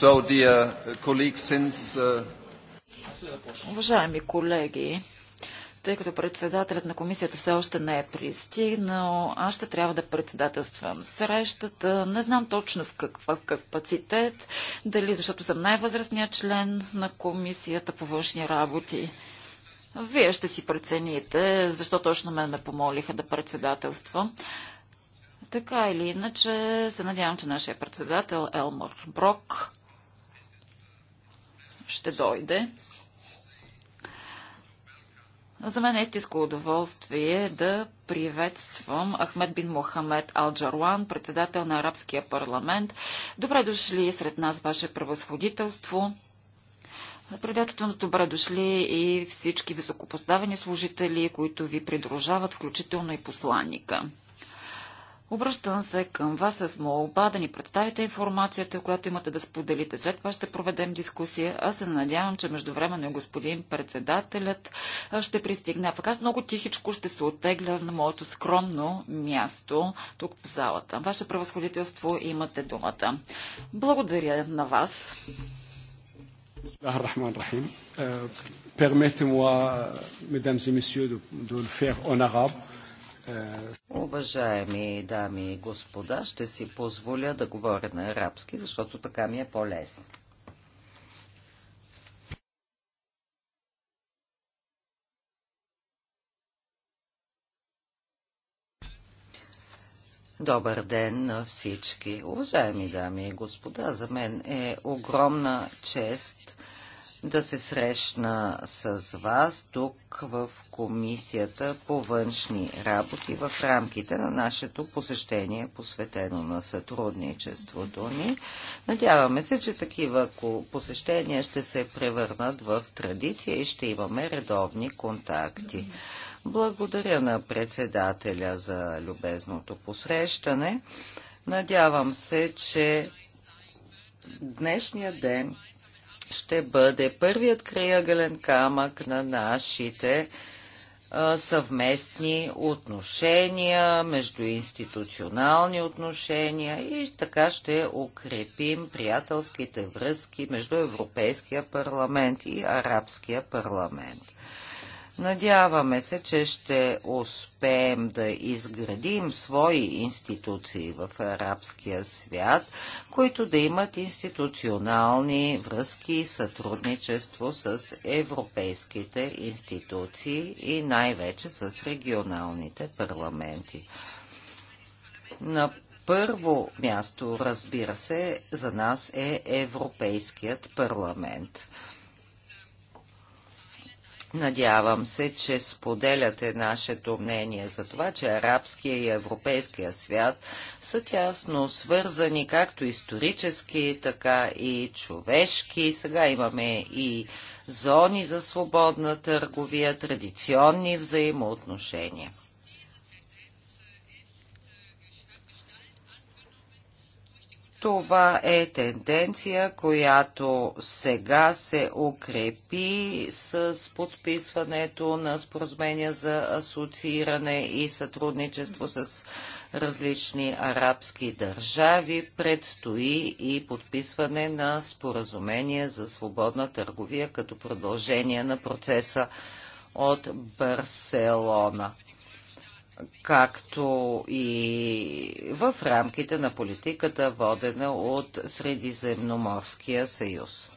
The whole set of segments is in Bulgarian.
Uh, uh, Уважаеми колеги, тъй като председателят на комисията все още не е пристигнал, аз ще трябва да председателствам срещата. Не знам точно в какъв капацитет, дали защото съм най-възрастният член на комисията по външни работи. Вие ще си прецените, защо точно мен ме помолиха да председателствам. Така или иначе, се надявам, че нашия председател Елмор Брок ще дойде. За мен е истинско удоволствие е да приветствам Ахмед бин Мохамед Алджаруан, председател на Арабския парламент. Добре дошли сред нас, Ваше превъзходителство. Приветствам с добре дошли и всички високопоставени служители, които ви придружават, включително и посланника. Обръщам се към вас с молба да ни представите информацията, която имате да споделите. След това ще проведем дискусия. Аз се надявам, че междувременно господин председателят ще пристигне. Пък аз много тихичко ще се оттегля на моето скромно място тук в залата. Ваше превъзходителство имате думата. Благодаря на вас. Рахман Рахим. permettez е, Уважаеми дами и господа, ще си позволя да говоря на арабски, защото така ми е по-лесно. Добър ден на всички! Уважаеми дами и господа, за мен е огромна чест да се срещна с вас тук в Комисията по външни работи в рамките на нашето посещение, посветено на сътрудничеството ни. Надяваме се, че такива посещения ще се превърнат в традиция и ще имаме редовни контакти. Благодаря на председателя за любезното посрещане. Надявам се, че днешния ден ще бъде първият крайъгълен камък на нашите съвместни отношения, междуинституционални отношения и така ще укрепим приятелските връзки между Европейския парламент и Арабския парламент. Надяваме се, че ще успеем да изградим свои институции в арабския свят, които да имат институционални връзки и сътрудничество с европейските институции и най-вече с регионалните парламенти. На първо място, разбира се, за нас е Европейският парламент – Надявам се, че споделяте нашето мнение за това, че арабския и европейския свят са тясно свързани както исторически, така и човешки. Сега имаме и зони за свободна търговия, традиционни взаимоотношения. Това е тенденция, която сега се укрепи с подписването на споразумения за асоцииране и сътрудничество с различни арабски държави. Предстои и подписване на споразумение за свободна търговия като продължение на процеса от Барселона както и в рамките на политиката, водена от Средиземноморския съюз.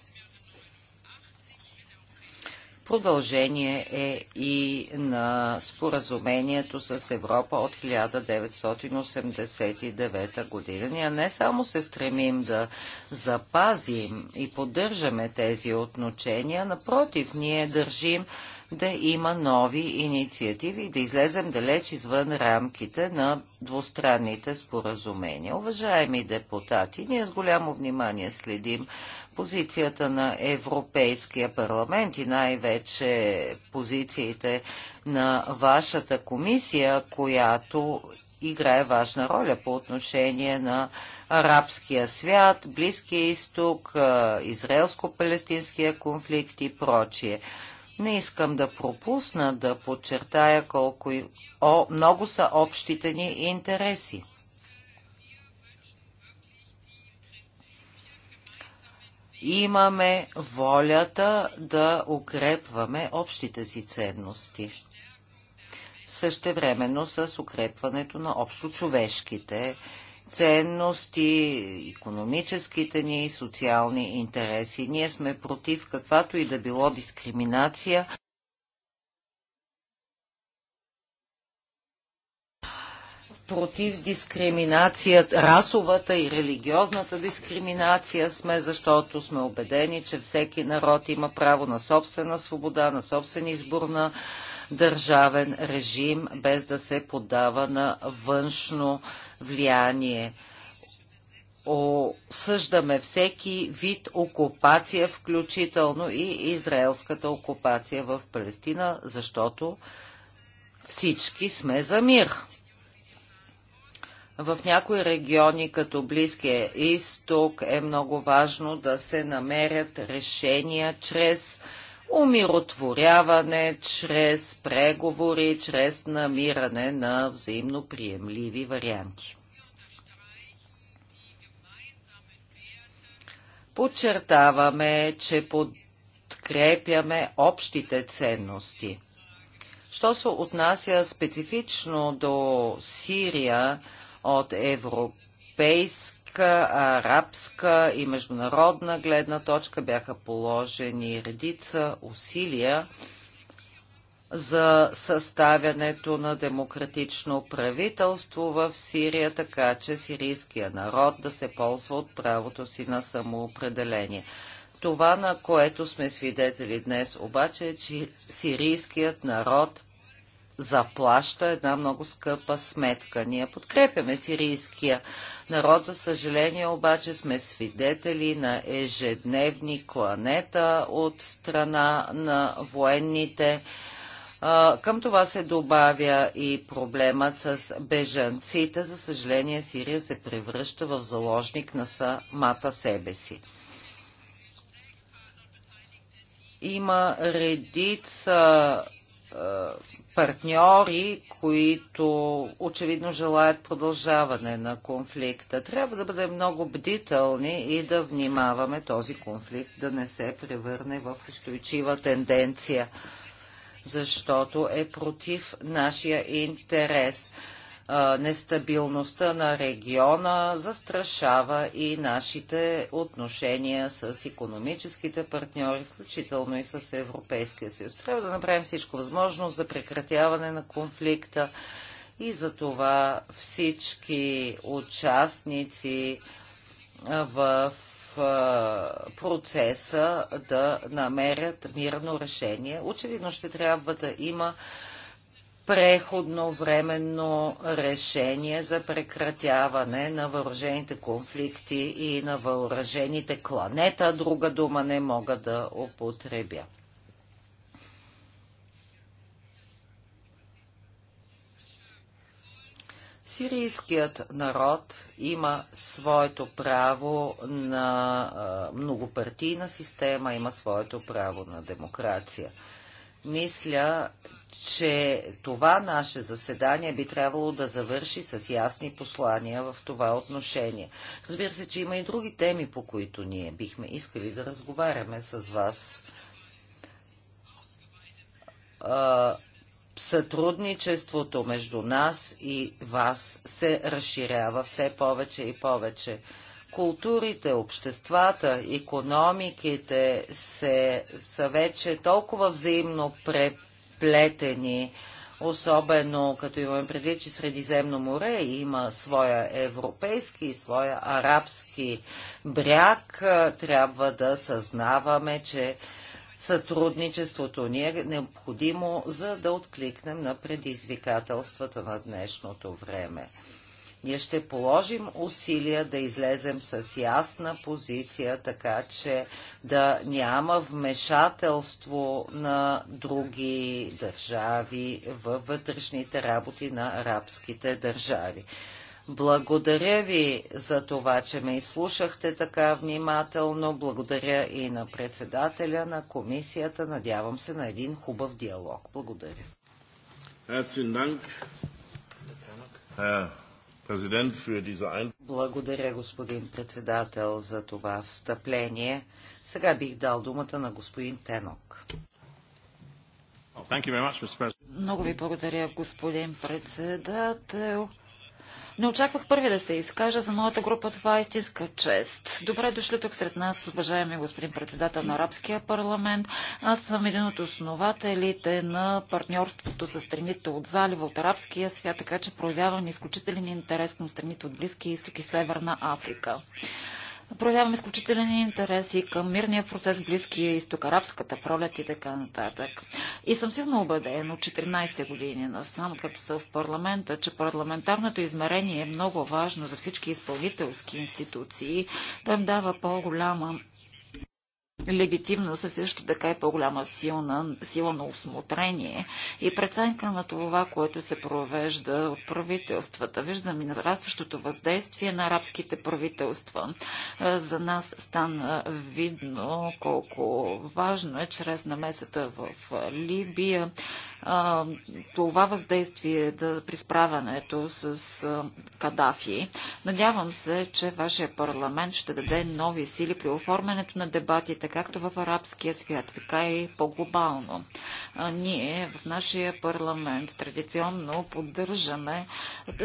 Продължение е и на споразумението с Европа от 1989 година. Ние не само се стремим да запазим и поддържаме тези отношения, напротив, ние държим да има нови инициативи и да излезем далеч извън рамките на двустранните споразумения. Уважаеми депутати, ние с голямо внимание следим позицията на Европейския парламент и най-вече позициите на вашата комисия, която играе важна роля по отношение на арабския свят, Близкия изток, израелско-палестинския конфликт и прочие. Не искам да пропусна да подчертая колко и о, много са общите ни интереси. Имаме волята да укрепваме общите си ценности. Същевременно с укрепването на общочовешките ценности ценности, економическите ни, социални интереси. Ние сме против каквато и да било дискриминация. против дискриминацията, расовата и религиозната дискриминация сме, защото сме убедени, че всеки народ има право на собствена свобода, на собствен избор на държавен режим, без да се поддава на външно влияние. Осъждаме всеки вид окупация, включително и израелската окупация в Палестина, защото всички сме за мир. В някои региони, като Близкия изток, е много важно да се намерят решения чрез умиротворяване чрез преговори, чрез намиране на взаимно приемливи варианти. Подчертаваме, че подкрепяме общите ценности. Що се отнася специфично до Сирия от европейски политическа, арабска и международна гледна точка бяха положени редица усилия за съставянето на демократично правителство в Сирия, така че сирийския народ да се ползва от правото си на самоопределение. Това, на което сме свидетели днес, обаче е, че сирийският народ заплаща една много скъпа сметка. Ние подкрепяме сирийския народ, за съжаление обаче сме свидетели на ежедневни кланета от страна на военните. Към това се добавя и проблемът с бежанците. За съжаление Сирия се превръща в заложник на самата себе си. Има редица е, партньори, които очевидно желаят продължаване на конфликта. Трябва да бъдем много бдителни и да внимаваме този конфликт да не се превърне в устойчива тенденция, защото е против нашия интерес нестабилността на региона застрашава и нашите отношения с економическите партньори, включително и с Европейския съюз. Трябва да направим всичко възможно за прекратяване на конфликта и за това всички участници в процеса да намерят мирно решение. Очевидно ще трябва да има преходно временно решение за прекратяване на въоръжените конфликти и на въоръжените кланета. Друга дума не мога да употребя. Сирийският народ има своето право на многопартийна система, има своето право на демокрация. Мисля, че това наше заседание би трябвало да завърши с ясни послания в това отношение. Разбира се, че има и други теми, по които ние бихме искали да разговаряме с вас. сътрудничеството между нас и вас се разширява все повече и повече културите, обществата, економиките се, са вече толкова взаимно преплетени, особено като имаме предвид, че Средиземно море има своя европейски и своя арабски бряг. Трябва да съзнаваме, че сътрудничеството ни е необходимо, за да откликнем на предизвикателствата на днешното време. Ние ще положим усилия да излезем с ясна позиция, така че да няма вмешателство на други държави във вътрешните работи на арабските държави. Благодаря ви за това, че ме изслушахте така внимателно. Благодаря и на председателя на комисията. Надявам се на един хубав диалог. Благодаря. Благодаря, господин председател, за това встъпление. Сега бих дал думата на господин Тенок. Много ви благодаря, господин председател. Не очаквах първи да се изкажа. За моята група това е истинска чест. Добре дошли тук сред нас, уважаеми господин председател на Арабския парламент. Аз съм един от основателите на партньорството с страните от залива от арабския свят, така че проявявам изключителен интерес към страните от Близкия изток и Северна Африка проявявам изключителен интерес и към мирния процес близки Близкия изток, арабската пролет и така нататък. И съм силно убеден от 14 години насам, като са в парламента, че парламентарното измерение е много важно за всички изпълнителски институции. Той им дава по-голяма Легитимност е също така е по-голяма силна, сила на осмотрение и преценка на това, което се провежда от правителствата. Виждаме нарастващото въздействие на арабските правителства. Е, за нас стана видно колко важно е чрез намесата в е, Либия е, това въздействие да, при справянето с Кадафи. Надявам се, че вашия парламент ще даде нови сили при оформянето на дебатите проблемите, както в арабския свят, така и по-глобално. Ние в нашия парламент традиционно поддържаме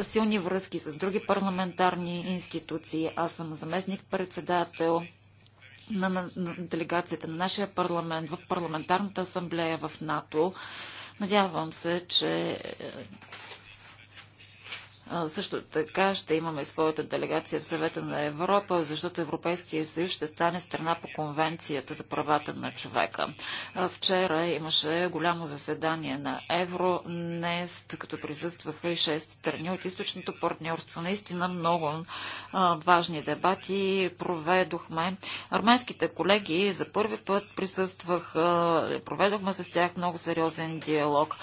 силни връзки с други парламентарни институции. Аз съм заместник-председател на делегацията на нашия парламент в парламентарната асамблея в НАТО. Надявам се, че също така ще имаме своята делегация в съвета на Европа, защото Европейския съюз ще стане страна по конвенцията за правата на човека. Вчера имаше голямо заседание на Евронест, като присъстваха и шест страни от източното партньорство. Наистина много важни дебати проведохме. Армейските колеги за първи път присъстваха, проведохме с тях много сериозен диалог.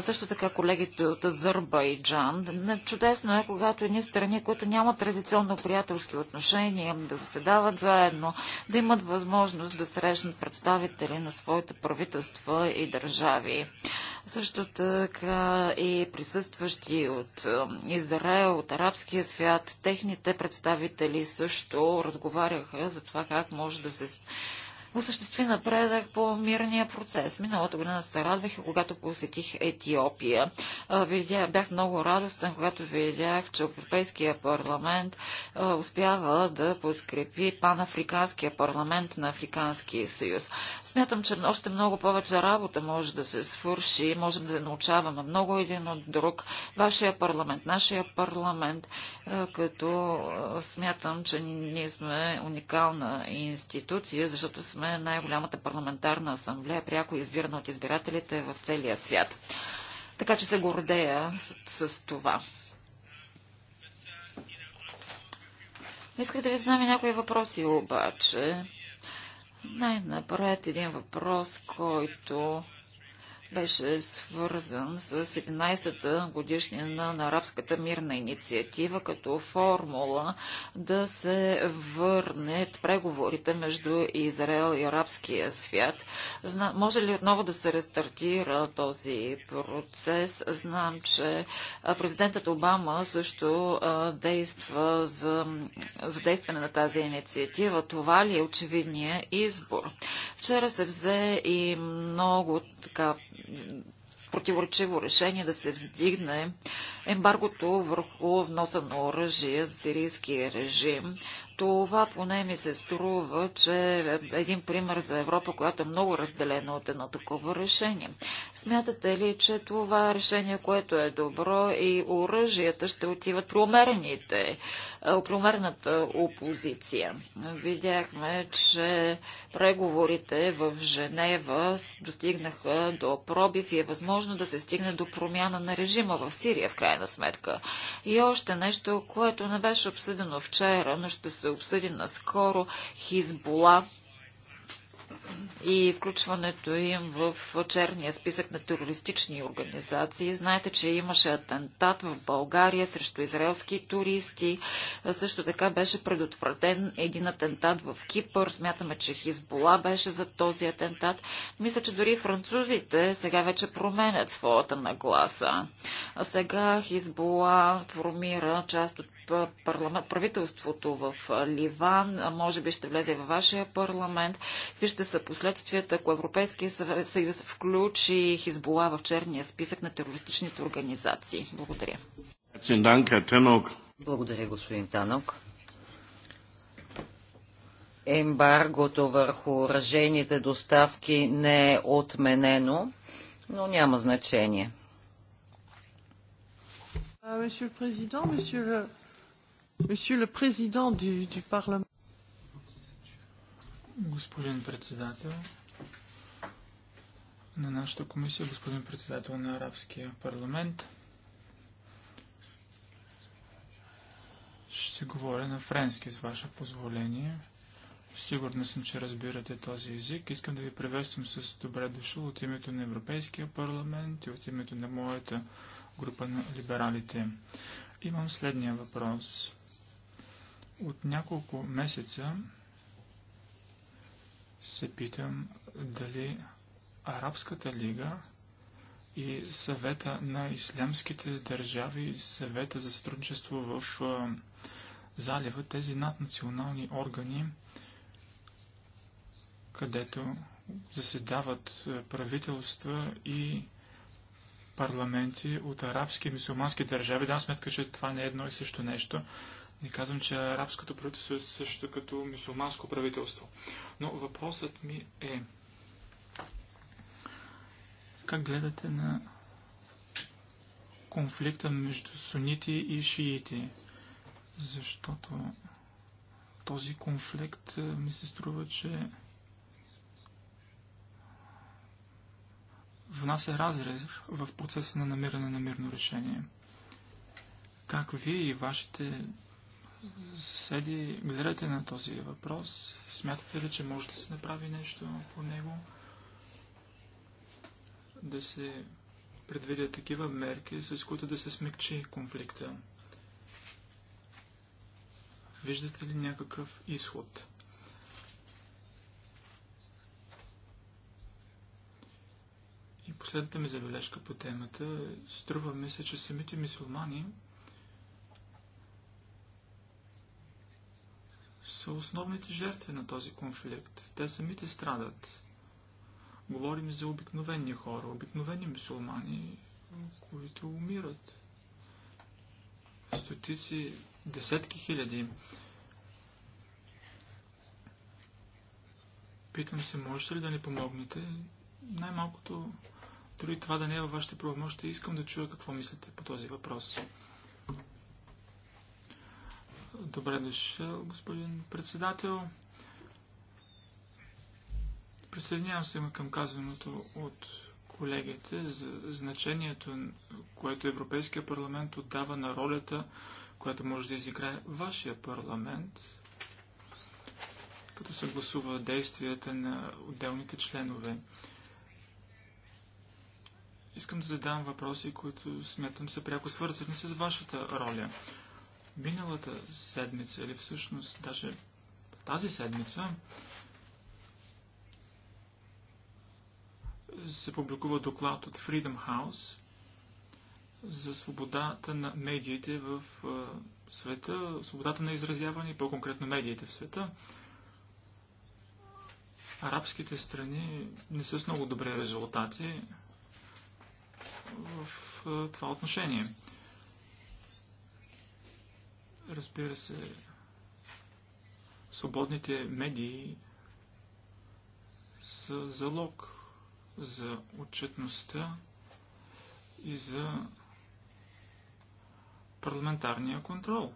също така колегите от Азербайджан. Не чудесно Чудесно е, когато едни страни, които нямат традиционно приятелски отношения, да заседават заедно, да имат възможност да срещнат представители на своите правителства и държави. Също така и присъстващи от Израел, от арабския свят, техните представители също разговаряха за това как може да се осъществи напредък по мирния процес. Миналата година се радвах, когато посетих Етиопия. Видя, бях много радостен, когато видях, че Европейския парламент успява да подкрепи панафриканския парламент на Африканския съюз. Смятам, че още много повече работа може да се свърши, можем да научаваме много един от друг. Вашия парламент, нашия парламент, като смятам, че ние сме уникална институция, защото сме сме най-голямата парламентарна асамблея, пряко избирана от избирателите в целия свят. Така че се гордея с, с това. Искате да ви знам и някои въпроси, обаче. Най-напред един въпрос, който беше свързан с 17-та годишнина на арабската мирна инициатива като формула да се върнат преговорите между Израел и арабския свят. Зна... Може ли отново да се рестартира този процес? Знам, че президентът Обама също действа за действане на тази инициатива. Това ли е очевидният избор? Вчера се взе и много така противоречиво решение да се вдигне ембаргото върху вноса на оръжие за сирийския режим. Това поне ми се струва, че е един пример за Европа, която е много разделена от едно такова решение. Смятате ли, че това е решение, което е добро и оръжията ще отиват при умерените, е, при умерната опозиция? Видяхме, че преговорите в Женева достигнаха до пробив и е възможно да се стигне до промяна на режима в Сирия, в крайна сметка. И още нещо, което не беше обсъдено вчера, но ще се се обсъди наскоро Хизбола и включването им в черния списък на терористични организации. Знаете, че имаше атентат в България срещу израелски туристи. Също така беше предотвратен един атентат в Кипър. Смятаме, че Хизбола беше за този атентат. Мисля, че дори французите сега вече променят своята нагласа. А сега Хизбола формира част от правителството в Ливан, може би ще влезе във вашия парламент. Какви ще са последствията, ако Европейския съюз включи Хизбола в черния списък на терористичните организации? Благодаря. Благодаря, господин Танок. Ембаргото върху ръжените доставки не е отменено, но няма значение. Monsieur le Président, Monsieur le Monsieur le président du, du Господин председател на нашата комисия, господин председател на Арабския парламент, ще говоря на френски с ваше позволение. Сигурна съм, че разбирате този език. Искам да ви приветствам с добре дошъл от името на Европейския парламент и от името на моята група на либералите. Имам следния въпрос. От няколко месеца се питам дали Арабската лига и съвета на ислямските държави, съвета за сътрудничество в залива, тези наднационални органи, където заседават правителства и парламенти от арабски и мусулмански държави. Да, сметка, че това не е едно и също нещо. Не казвам, че арабското правителство е също като мусулманско правителство. Но въпросът ми е как гледате на конфликта между сунити и шиити? Защото този конфликт е, ми се струва, че внася разрез в процеса на намиране на мирно решение. Как вие и вашите съседи, гледате на този въпрос? Смятате ли, че може да се направи нещо по него? Да се предвидят такива мерки, с които да се смекчи конфликта? Виждате ли някакъв изход? И последната ми забележка по темата. Струва ми се, че самите мисулмани са основните жертви на този конфликт. Те самите страдат. Говорим за обикновени хора, обикновени мусулмани, които умират. Стотици, десетки хиляди. Питам се, можете ли да ни помогнете? Най-малкото, дори това да не е във вашите правомощи, искам да чуя какво мислите по този въпрос. Добре дошъл, господин председател. Присъединявам се към казаното от колегите за значението, което Европейския парламент отдава на ролята, която може да изиграе вашия парламент, като се гласува действията на отделните членове. Искам да задам въпроси, които смятам са пряко свързани с вашата роля. Миналата седмица, или всъщност даже тази седмица, се публикува доклад от Freedom House за свободата на медиите в е, света, свободата на изразяване и по-конкретно медиите в света. Арабските страни не са с много добри резултати в е, това отношение. Разбира се, свободните медии са залог за отчетността и за парламентарния контрол.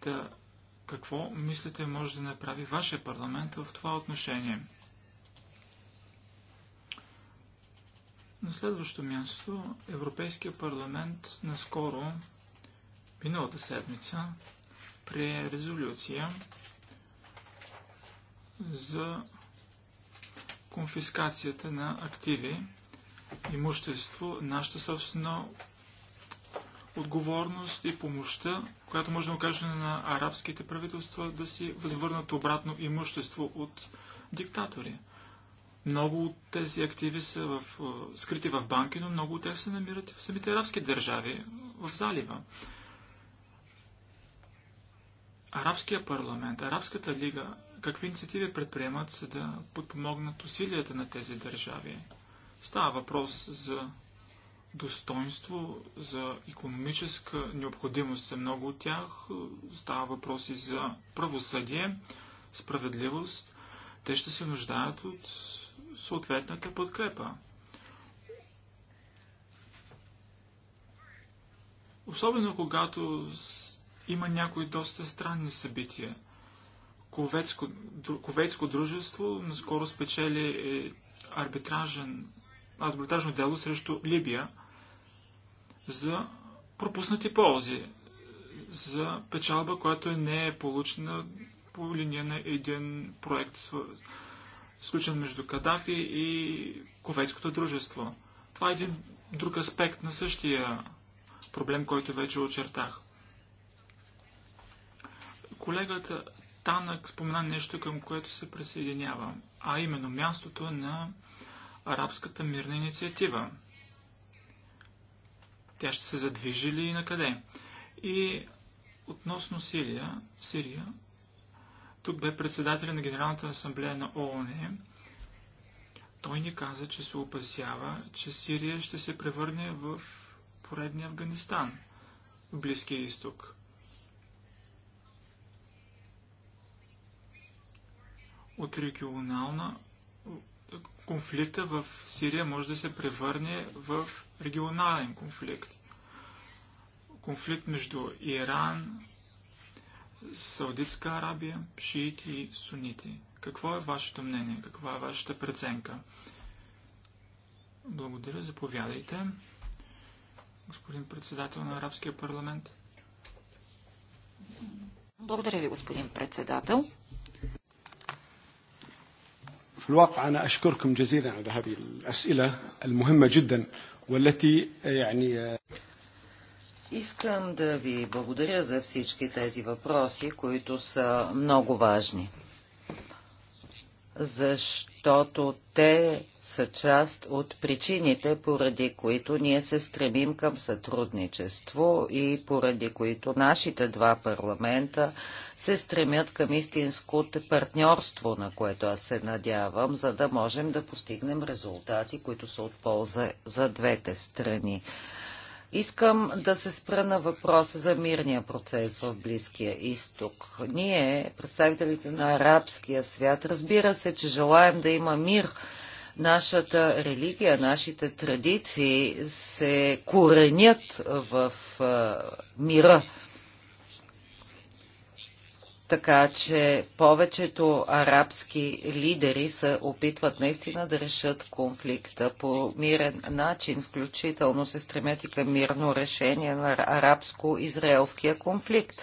Та, какво мислите може да направи вашия парламент в това отношение? На следващо място, Европейския парламент наскоро Миналата седмица при резолюция за конфискацията на активи, имущество, нашата собствена отговорност и помощта, която може да окаже на арабските правителства да си възвърнат обратно имущество от диктатори. Много от тези активи са в, скрити в банки, но много от тях се намират в самите арабски държави, в залива. Арабския парламент, Арабската лига, какви инициативи предприемат, за да подпомогнат усилията на тези държави? Става въпрос за достоинство, за економическа необходимост за много от тях. Става въпрос и за правосъдие, справедливост. Те ще се нуждаят от съответната подкрепа. Особено когато има някои доста странни събития. Ковецко, Ковецко дружество наскоро спечели е арбитражен, арбитражно дело срещу Либия за пропуснати ползи, за печалба, която не е получена по линия на един проект, сключен между Кадафи и Ковецкото дружество. Това е един друг аспект на същия проблем, който вече очертах. Колегата Танък спомена нещо, към което се присъединявам, а именно мястото на арабската мирна инициатива. Тя ще се задвижи ли и на къде? И относно Сирия, Сирия, тук бе председателя на Генералната асамблея на ООН. Той ни каза, че се опасява, че Сирия ще се превърне в поредния Афганистан, в Близкия изток. от регионална е, конфликта в Сирия може да се превърне в регионален конфликт. Конфликт между Иран, Саудитска Арабия, шиити и сунити. Какво е вашето мнение? Каква е вашата преценка? Благодаря, заповядайте. Господин председател на Арабския парламент. Благодаря ви, господин председател. في الواقع أنا أشكركم جزيلا على هذه الأسئلة المهمة جدا والتي يعني Искам да ви благодаря за всички тези въпроси, които са много важни, защото те са част от причините, поради които ние се стремим към сътрудничество и поради които нашите два парламента се стремят към истинско партньорство, на което аз се надявам, за да можем да постигнем резултати, които са от полза за двете страни. Искам да се спра на въпроса за мирния процес в Близкия изток. Ние, представителите на арабския свят, разбира се, че желаем да има мир Нашата религия, нашите традиции се коренят в мира. Така че повечето арабски лидери се опитват наистина да решат конфликта по мирен начин, включително се стремят и към мирно решение на арабско-израелския конфликт.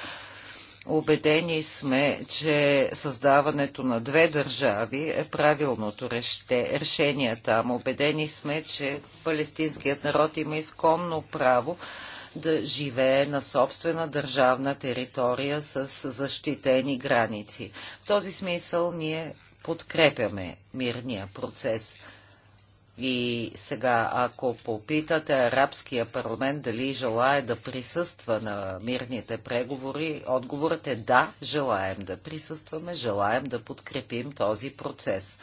Обедени сме, че създаването на две държави е правилното решение там. Обедени сме, че палестинският народ има изконно право да живее на собствена държавна територия с защитени граници. В този смисъл ние подкрепяме мирния процес. И сега, ако попитате арабския парламент дали желая да присъства на мирните преговори, отговорът е да, желаем да присъстваме, желаем да подкрепим този процес.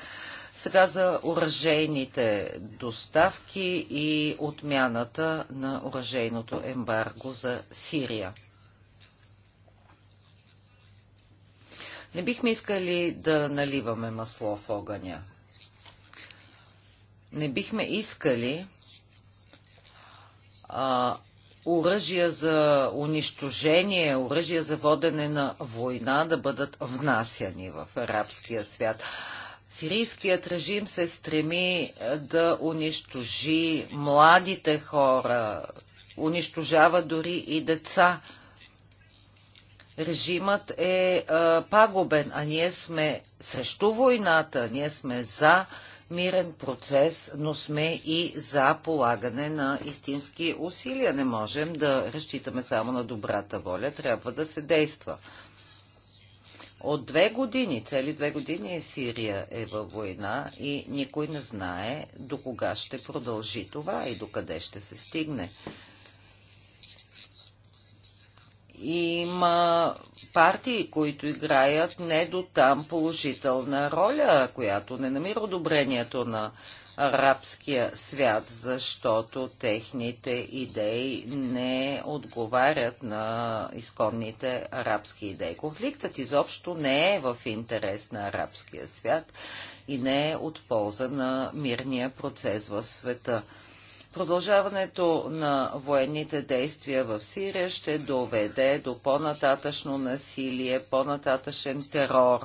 Сега за оръжейните доставки и отмяната на оръжейното ембарго за Сирия. Не бихме искали да наливаме масло в огъня не бихме искали а, оръжия за унищожение, оръжия за водене на война да бъдат внасяни в арабския свят. Сирийският режим се стреми е, да унищожи младите хора, унищожава дори и деца. Режимът е а, е, пагубен, а ние сме срещу войната, ние сме за а, мирен процес, но сме и за полагане на истински усилия. Не можем да разчитаме само на добрата воля, трябва да се действа. От две години, цели две години е Сирия е във война и никой не знае до кога ще продължи това и до къде ще се стигне. Има партии, които играят не до там положителна роля, която не намира одобрението на арабския свят, защото техните идеи не отговарят на изконните арабски идеи. Конфликтът изобщо не е в интерес на арабския свят и не е от полза на мирния процес в света. Продължаването на военните действия в Сирия ще доведе до по-нататъчно насилие, по-нататъчен терор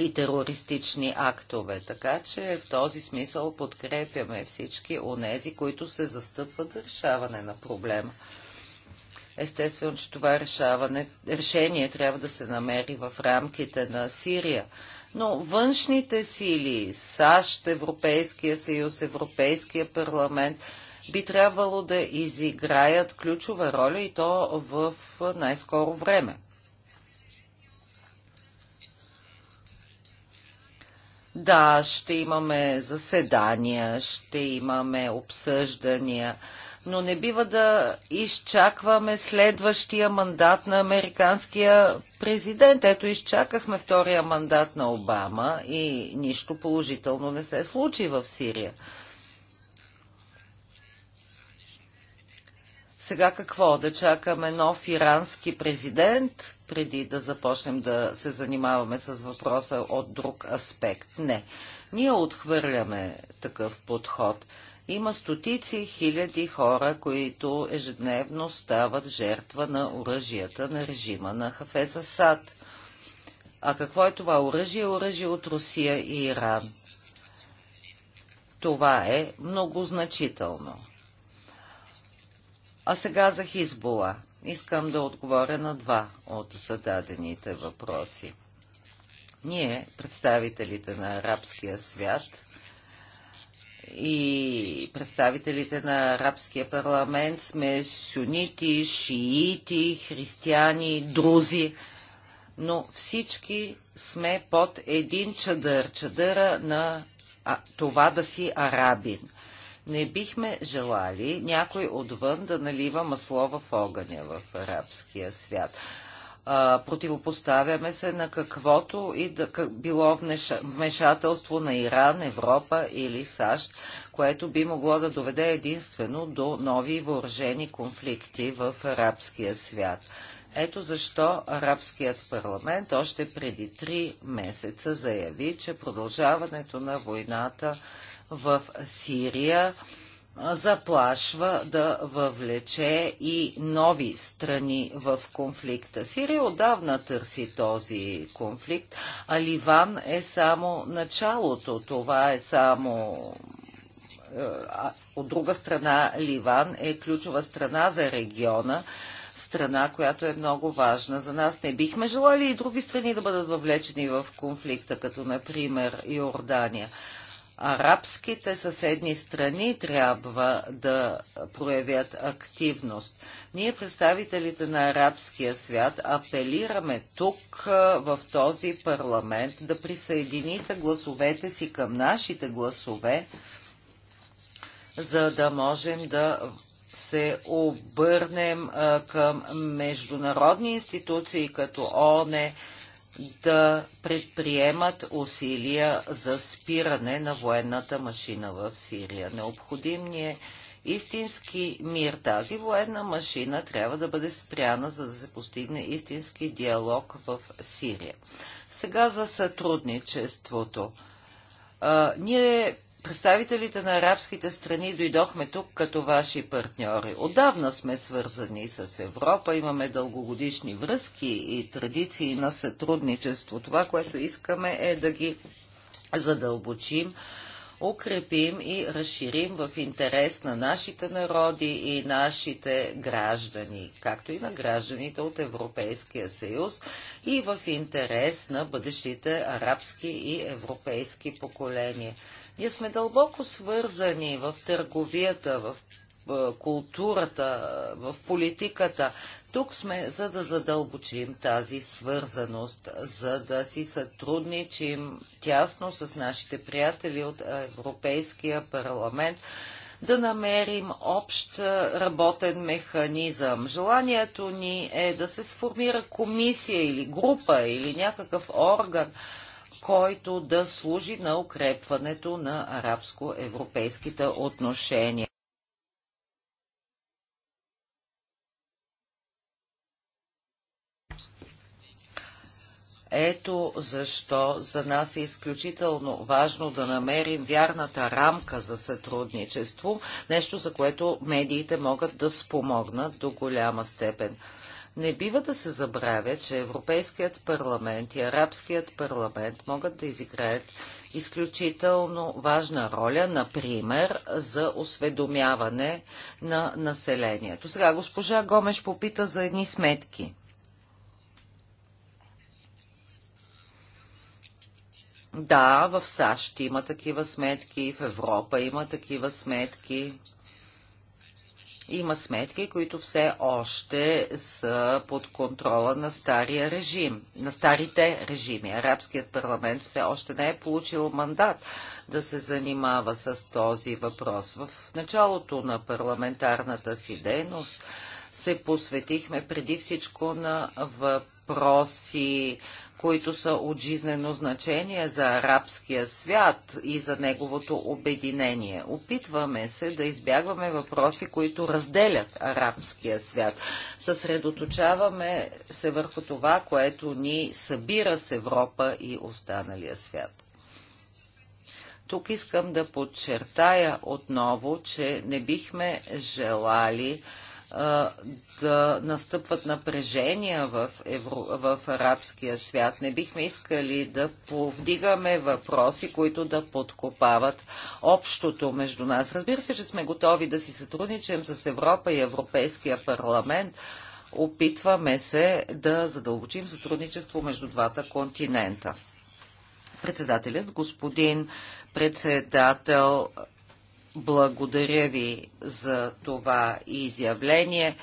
и терористични актове. Така че в този смисъл подкрепяме всички онези, които се застъпват за решаване на проблема. Естествено, че това решаване, решение трябва да се намери в рамките на Сирия, но външните сили, САЩ, Европейския съюз, Европейския парламент, би трябвало да изиграят ключова роля и то в най-скоро време. Да, ще имаме заседания, ще имаме обсъждания, но не бива да изчакваме следващия мандат на американския президент. Ето, изчакахме втория мандат на Обама и нищо положително не се случи в Сирия. Сега какво? Да чакаме нов ирански президент, преди да започнем да се занимаваме с въпроса от друг аспект? Не. Ние отхвърляме такъв подход. Има стотици хиляди хора, които ежедневно стават жертва на оръжията на режима на Хафез Асад. А какво е това оръжие? Оръжие от Русия и Иран. Това е много значително. А сега за Хизбола. Искам да отговоря на два от зададените въпроси. Ние, представителите на арабския свят, и представителите на Арабския парламент сме сунити, шиити, християни, друзи, но всички сме под един чадър, чадъра на това да си арабин. Не бихме желали някой отвън да налива масло в огъня в арабския свят а, противопоставяме се на каквото и да било вмешателство на Иран, Европа или САЩ, което би могло да доведе единствено до нови въоръжени конфликти в арабския свят. Ето защо Арабският парламент още преди три месеца заяви, че продължаването на войната в Сирия заплашва да въвлече и нови страни в конфликта. Сирия отдавна търси този конфликт, а Ливан е само началото. Това е само е, от друга страна Ливан е ключова страна за региона, страна, която е много важна за нас. Не бихме желали и други страни да бъдат въвлечени в конфликта, като например Йордания арабските съседни страни трябва да проявят активност. Ние, представителите на арабския свят, апелираме тук в този парламент да присъедините гласовете си към нашите гласове, за да можем да се обърнем към международни институции като ОНЕ, да предприемат усилия за спиране на военната машина в Сирия. Необходим ни е истински мир. Тази военна машина трябва да бъде спряна, за да се постигне истински диалог в Сирия. Сега за сътрудничеството. А, ние представителите на арабските страни дойдохме тук като ваши партньори. Отдавна сме свързани с Европа, имаме дългогодишни връзки и традиции на сътрудничество. Това, което искаме е да ги задълбочим, укрепим и разширим в интерес на нашите народи и нашите граждани, както и на гражданите от Европейския съюз и в интерес на бъдещите арабски и европейски поколения. Ние сме дълбоко свързани в търговията, в културата, в политиката. Тук сме, за да задълбочим тази свързаност, за да си сътрудничим тясно с нашите приятели от Европейския парламент, да намерим общ работен механизъм. Желанието ни е да се сформира комисия или група или някакъв орган, който да служи на укрепването на арабско-европейските отношения. Ето защо за нас е изключително важно да намерим вярната рамка за сътрудничество, нещо за което медиите могат да спомогнат до голяма степен. Не бива да се забравя, че Европейският парламент и Арабският парламент могат да изиграят изключително важна роля, например, за осведомяване на населението. Сега госпожа Гомеш попита за едни сметки. Да, в САЩ има такива сметки, в Европа има такива сметки. Има сметки, които все още са под контрола на стария режим, на старите режими. Арабският парламент все още не е получил мандат да се занимава с този въпрос. В началото на парламентарната си дейност се посветихме преди всичко на въпроси които са от жизнено значение за арабския свят и за неговото обединение. Опитваме се да избягваме въпроси, които разделят арабския свят. Съсредоточаваме се върху това, което ни събира с Европа и останалия свят. Тук искам да подчертая отново, че не бихме желали да настъпват напрежения в, евро, в арабския свят. Не бихме искали да повдигаме въпроси, които да подкопават общото между нас. Разбира се, че сме готови да си сътрудничим с Европа и Европейския парламент. Опитваме се да задълбочим сътрудничество между двата континента. Председателят, господин председател благодаря ви за това изявление.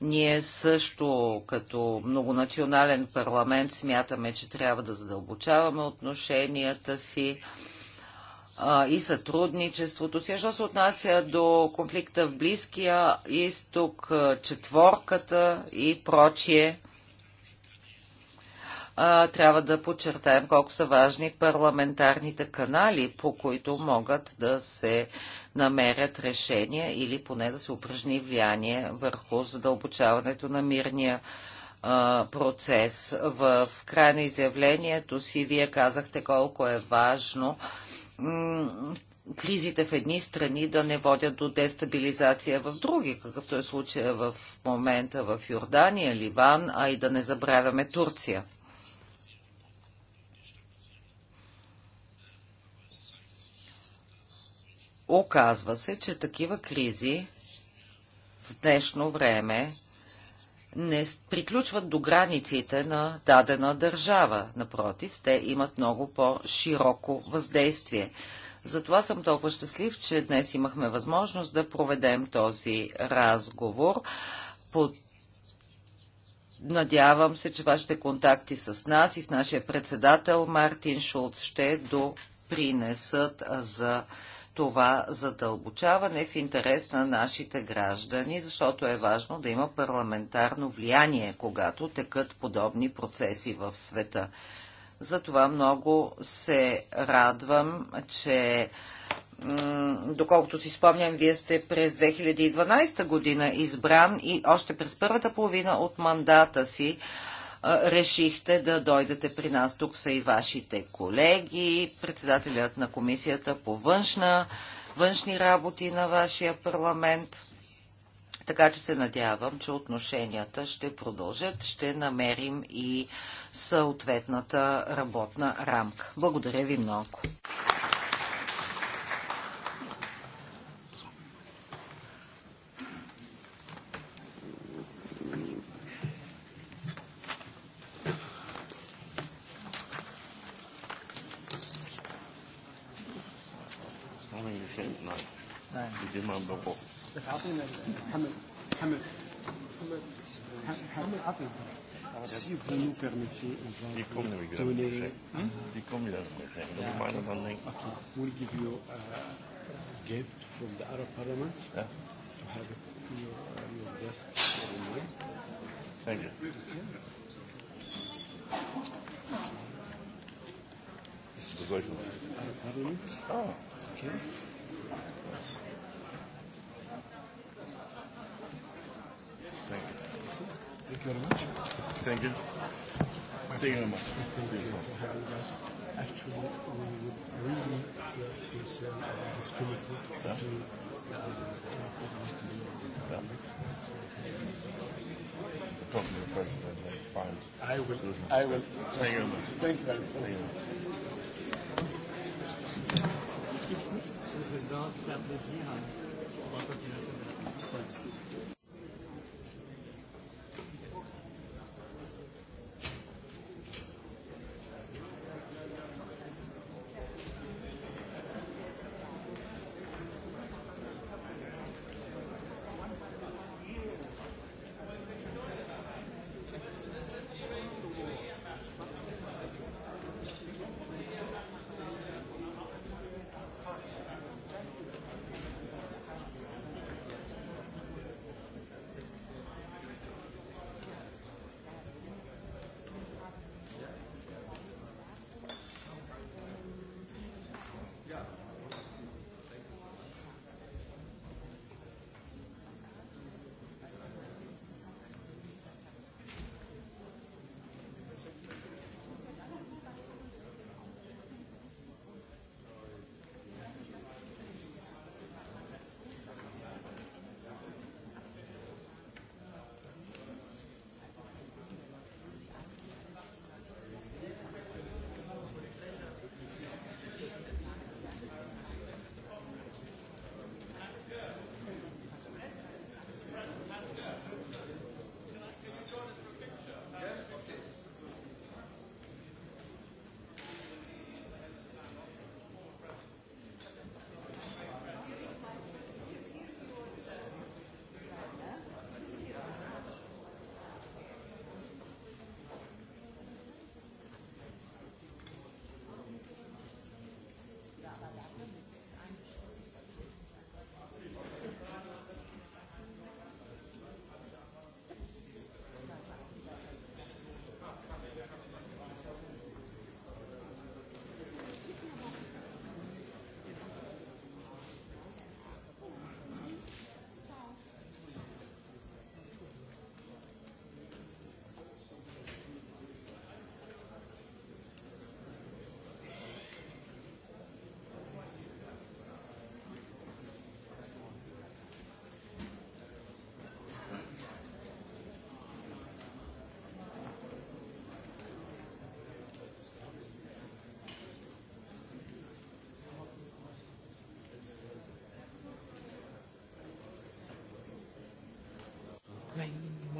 Ние също като многонационален парламент смятаме, че трябва да задълбочаваме отношенията си а, и сътрудничеството си. Що се отнася до конфликта в Близкия изток, четворката и прочие, трябва да подчертаем колко са важни парламентарните канали, по които могат да се намерят решения или поне да се упражни влияние върху задълбочаването на мирния процес. В края на изявлението си вие казахте колко е важно кризите в едни страни да не водят до дестабилизация в други, какъвто е случая в момента в Йордания, Ливан, а и да не забравяме Турция. Оказва се, че такива кризи в днешно време не приключват до границите на дадена държава. Напротив, те имат много по-широко въздействие. Затова съм толкова щастлив, че днес имахме възможност да проведем този разговор. Под... Надявам се, че вашите контакти с нас и с нашия председател Мартин Шулц ще допринесат за това задълбочаване в интерес на нашите граждани, защото е важно да има парламентарно влияние, когато текат подобни процеси в света. Затова много се радвам, че доколкото си спомням, вие сте през 2012 година избран и още през първата половина от мандата си решихте да дойдете при нас. Тук са и вашите колеги, председателят на комисията по външна, външни работи на вашия парламент. Така че се надявам, че отношенията ще продължат, ще намерим и съответната работна рамка. Благодаря ви много. взимам дълго. Si vous nous permettez, on va donner... Okay, we'll give you a gift from the Arab Parliament yeah. to have it to your, uh, your desk for the night. Thank you. Okay. Das ist so solchen. Parliament. Ah. Okay. Thank you. Thank you very much. Thank you. Thank you very much. Thank you Actually, we would really concern about this committee yeah. to yeah. Talk to the president and find. I will. I will. Thank you very much. Thank you very much. Thank you. Monsieur le Président, c'est un plaisir. On va continuer à faire.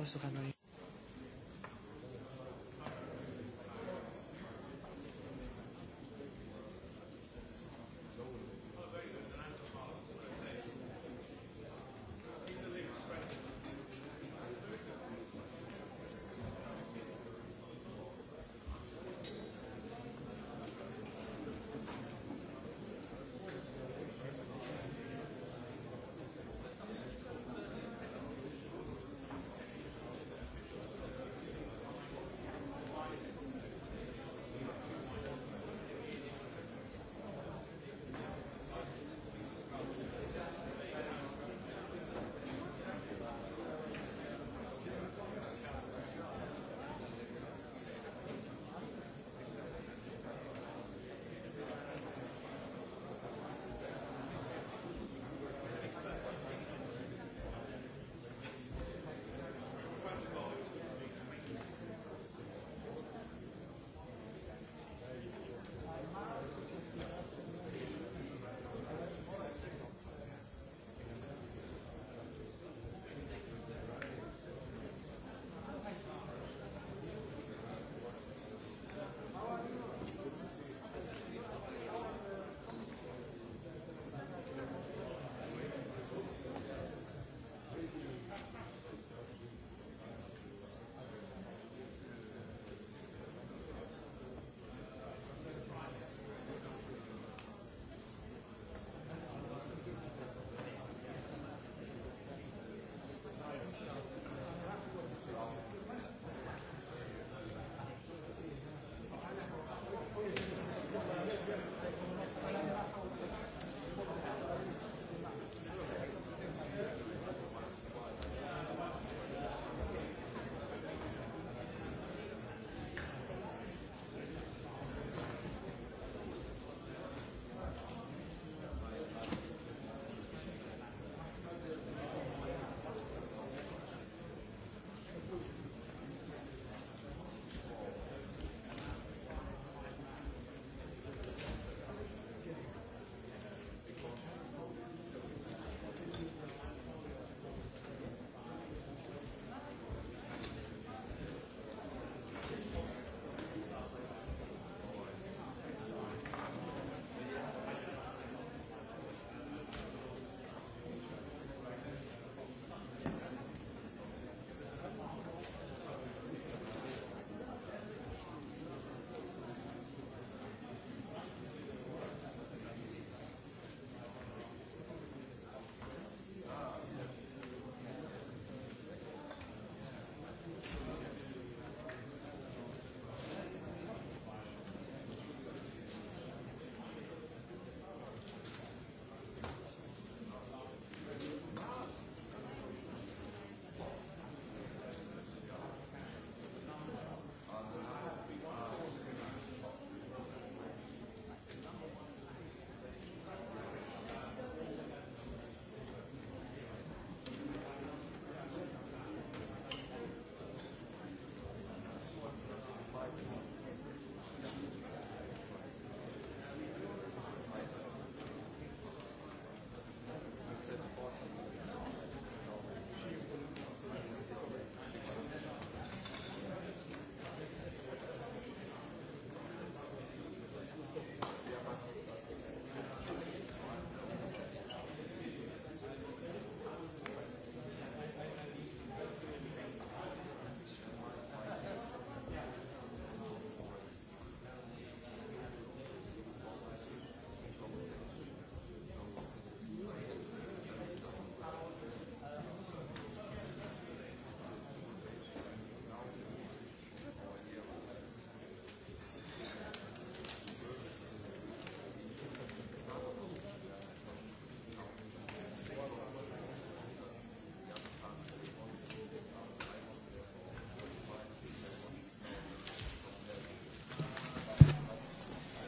Almost of a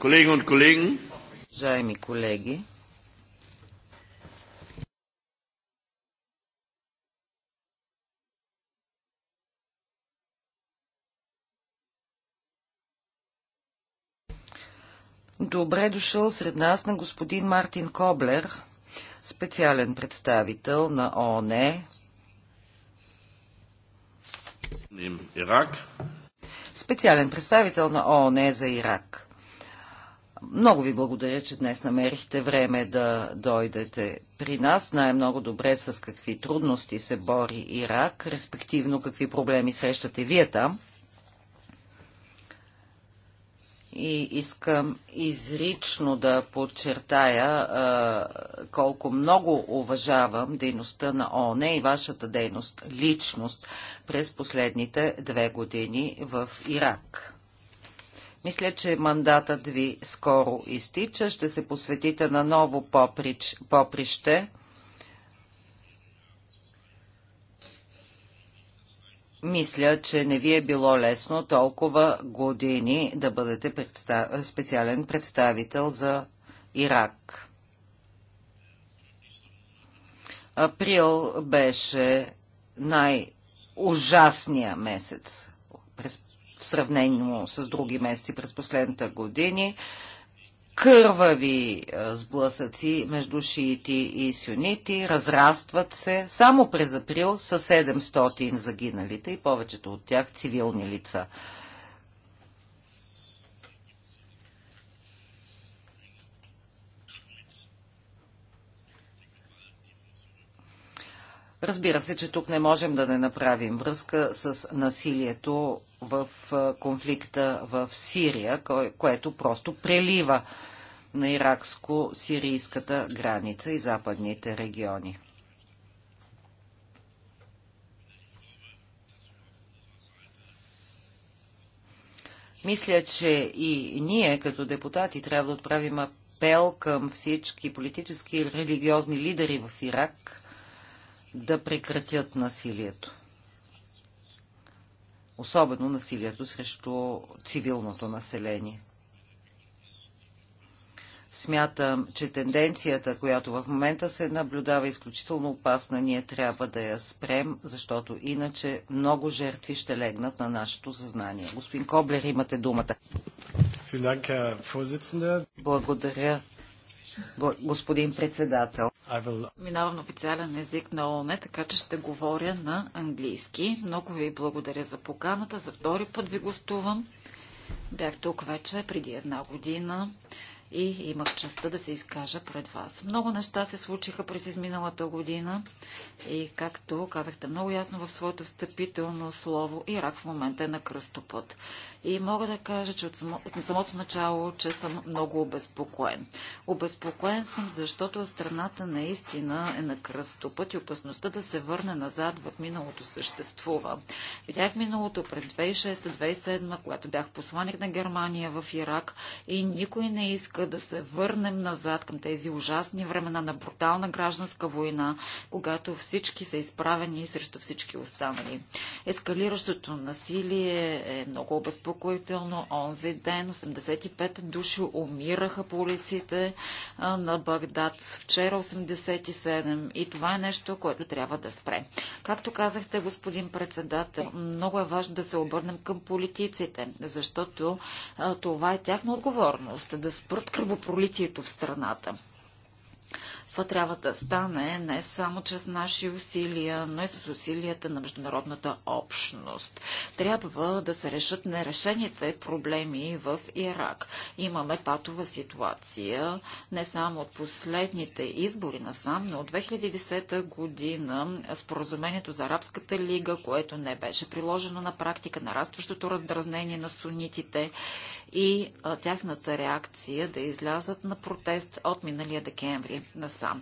Колеги колеги, уважаеми колеги, Добре дошъл сред нас на господин Мартин Коблер, специален представител на ООН. Специален представител на ООН за Ирак. Много ви благодаря, че днес намерихте време да дойдете при нас. Знае много добре с какви трудности се бори Ирак, респективно какви проблеми срещате вие там. И искам изрично да подчертая а, колко много уважавам дейността на ООН и вашата дейност, личност през последните две години в Ирак. Мисля, че мандатът ви скоро изтича. Ще се посветите на ново поприч, поприще. Мисля, че не ви е било лесно толкова години да бъдете представ... специален представител за Ирак. Април беше най-ужасния месец през в сравнение с други месеци през последните години. Кървави сблъсъци между шиити и сюнити разрастват се само през април са 700 загиналите и повечето от тях цивилни лица. Разбира се, че тук не можем да не направим връзка с насилието в конфликта в Сирия, което просто прелива на иракско-сирийската граница и западните региони. Мисля, че и ние като депутати трябва да отправим апел към всички политически и религиозни лидери в Ирак – да прекратят насилието. Особено насилието срещу цивилното население. Смятам, че тенденцията, която в момента се наблюдава, е изключително опасна. Ние трябва да я спрем, защото иначе много жертви ще легнат на нашето съзнание. Господин Коблер, имате думата. Благодаря, господин председател. Will... Минавам официален език на ООН, така че ще говоря на английски. Много ви благодаря за поканата. За втори път ви гостувам. Бях тук вече преди една година и имах честа да се изкажа пред вас. Много неща се случиха през изминалата година и, както казахте много ясно в своето встъпително слово, Ирак в момента е на кръстопът и мога да кажа, че от, само, от самото начало, че съм много обезпокоен. Обезпокоен съм, защото страната наистина е на кръстопът и опасността да се върне назад в миналото съществува. Видях миналото през 2006-2007, когато бях посланик на Германия в Ирак и никой не иска да се върнем назад към тези ужасни времена на брутална гражданска война, когато всички са изправени срещу всички останали. Ескалиращото насилие е много обезпокоен успокоително. Онзи ден 85 души умираха по улиците на Багдад. Вчера 87. И това е нещо, което трябва да спре. Както казахте, господин председател, много е важно да се обърнем към политиците, защото това е тяхна отговорност да спрат кръвопролитието в страната. Това трябва да стане не само чрез наши усилия, но и с усилията на международната общност. Трябва да се решат нерешените проблеми в Ирак. Имаме патова ситуация не само от последните избори насам, но от 2010 година споразумението за Арабската лига, което не беше приложено на практика, нарастващото раздразнение на сунитите и а, тяхната реакция да излязат на протест от миналия декември деца.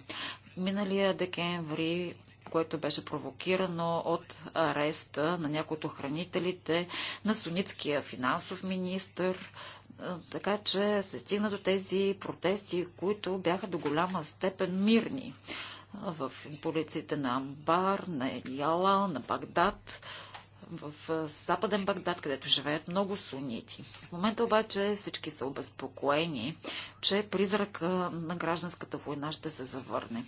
Миналия декември което беше провокирано от ареста на някои от хранителите, на суницкия финансов министр. Така че се стигна до тези протести, които бяха до голяма степен мирни в полициите на Амбар, на Ялал, на Багдад в Западен Багдад, където живеят много сунити. В момента обаче всички са обезпокоени, че призрак на гражданската война ще се завърне.